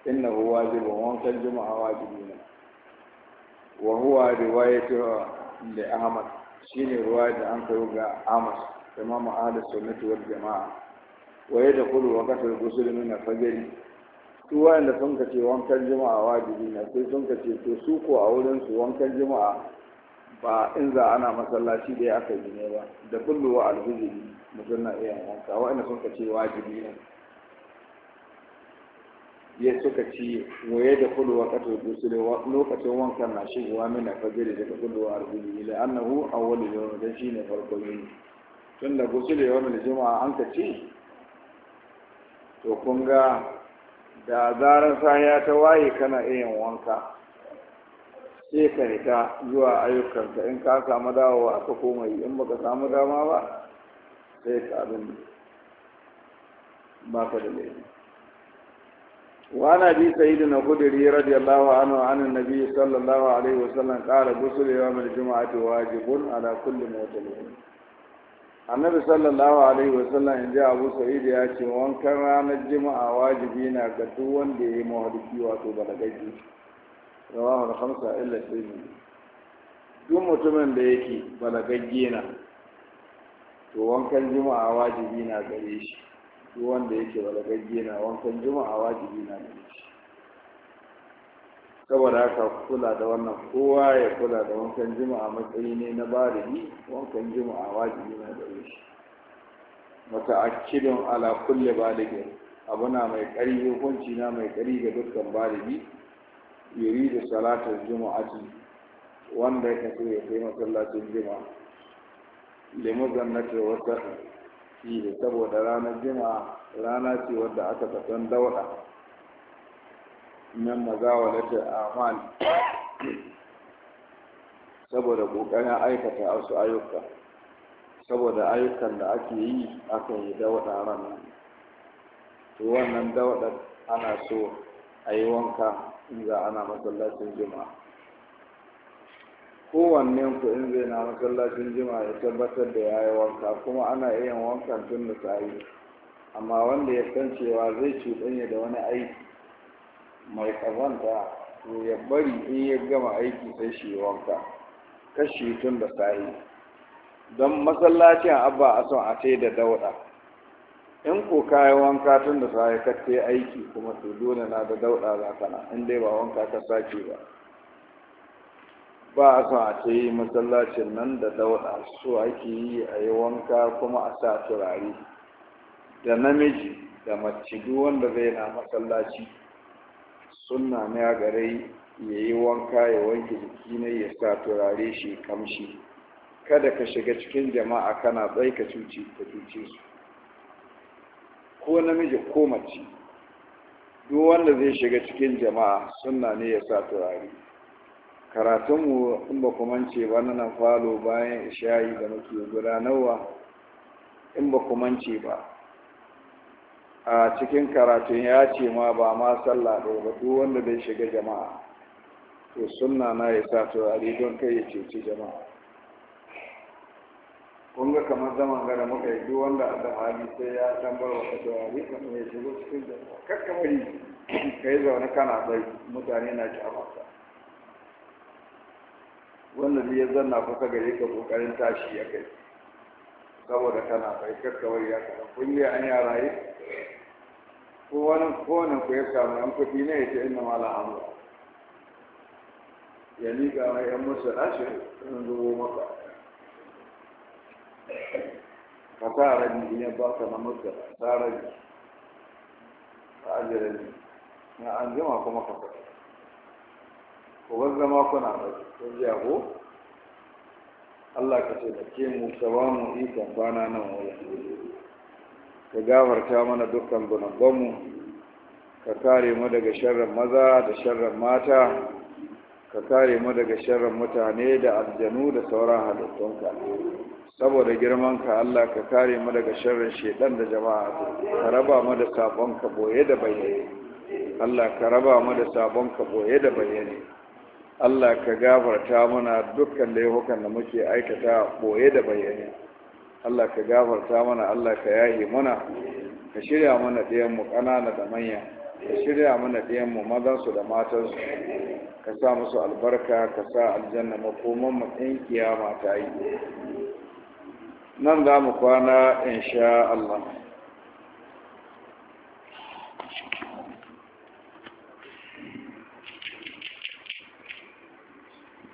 Inna innahu wa wankan juma'a wajibi ne wa huwa riwayatu li ahmad shine ruwa da an kai ga ahmad imam ahlus sunnati wal jama'a wa ya kudu wa kasar gusul min fajari su wayanda sun kace wankan juma'a wajibi na sai sun kace to su ko a wurinsu wankan juma'a ba in za ana masallaci da aka yi ne ba da kullu wa alhuzuri mutum na iya wanka wa'anda sun kace wajibi ne ya suka ci waye da kudu wa kasar gusul lokacin wankan na shigowa min fajari daga kullu wa alhuzuri la annahu awwalul yawm dan shine farko ne tunda gusul yawm al-juma'a an kace to kun ga da zarar sahiya ta waye kana iya yin wanka sai ka ta zuwa ayyukanka in ka samu dawowa ka koma yi in baka samu dama ba sai ka abin ba ka da laifi وعن ابي سعيد الخدري رضي الله عنه عن النبي صلى الله عليه وسلم قال غسل يوم الجمعه واجب على كل متلم annabi sallallahu alaihi wasallam in ji abu sa'id ya ce wankan ranar jima'a wajibi na ga duk wanda ya yi mawarki wato gaji rawahu al-khamsa illa tirmidhi duk mutumin da yake balagagge na to wankan jima'a wajibi na gare shi duk wanda yake balagagge na wankan jima'a wajibi na gare shi saboda haka kula da wannan kowa ya kula da wankan jima'a matsayi ne na barihi wankan jima'a wajibi na gare shi muta'akkidun ala kulli abu na mai ƙari hukunci na mai ƙari ga dukkan yuri da salatar juma'ati wanda ya so ya kai masallacin jima'a wasa wata da saboda ranar jima'a rana ce wadda aka kasan dauɗa min mazawalatul a'mal saboda ƙoƙarin aikata wasu ayyuka saboda ayyukan da ake yi akan yi dawaɗa ran to wannan dawaɗa ana so a yi wanka in za ana masallacin jima. kowanne ku in zai na masallacin jima ya tabbatar da ya yi wanka kuma ana iya wankan tun da amma wanda ya san cewa zai cuɗanya da wani aiki mai kazanta to ya bari in ya gama aiki sai shi wanka kashi tun da sahi don masallacin abba a son a sai da dauda in ko yi wanka tun da sahi ka ta aiki kuma to dole na da dauda za ka na in dai ba wanka ka sake ba ba a son a ce masallacin nan da dauda so ake yi a yi wanka kuma a sa turare da namiji da mace duk wanda zai na masallaci sunna na gare ya yi wanka ya wanke jiki ne ya sa turare shi kamshi kada ka shiga cikin jama'a kana tsaye ka cuci ka cuci su ko namiji ko mace duk wanda zai shiga cikin jama'a sunna ne ya sa turare karatunmu in ba ku mance ba na nan falo bayan ishayi da muke gudanarwa in ba ku mance ba a cikin karatun ya ce ma ba ma sallah ɗaya ba duk wanda zai shiga jama'a to sunna na ya sa turare don kai ya ceci jama'a kun ga kamar zaman gara muka yi duk wanda da hali sai ya dan bar wata turare kamar ya shigo cikin jama'a kakkamari ka yi zaune kana bai mutane na kyamarsa wanda zai ya zanna kusa gare ka kokarin tashi ya kai saboda kana bai kakkamari ya kama kun yi an yara yi ko wani kowane ku ya samu yan kuɗi ne ya ce ina mala hamu ya liƙa mai yan musu rashi sun zubo maka ka sa rani in ya baka na musu sa rani ka ajiyar ne na an jima kuma ka kuɗi ku bar zama kuna mai kun ji ko Allah ka ce da ke mu ka ba mu ikon kwana nan wani ka gafarta mana dukkan gunagonmu ka kare mu daga sharrin maza da sharrin mata ka kare mu daga sharrin mutane da aljanu da sauran halittunka saboda girmanka Allah ka kare mu daga sharrin shedan da jama'a ka raba mu da sabonka boye da bayyane Allah ka raba mu da sabonka boye da bayyane Allah ka gafarta mana dukkan laifukan da muke aikata boye da bayyane Allah ka gafarta mana Allah ka yahi muna ka shirya mana ɗayanmu ƙanana da manya ka shirya mana ɗayanmu mazansu da matansu ka sa musu albarka ka sa aljanna makoman mu ɗin kiyama ta yi nan za mu kwana insha Allah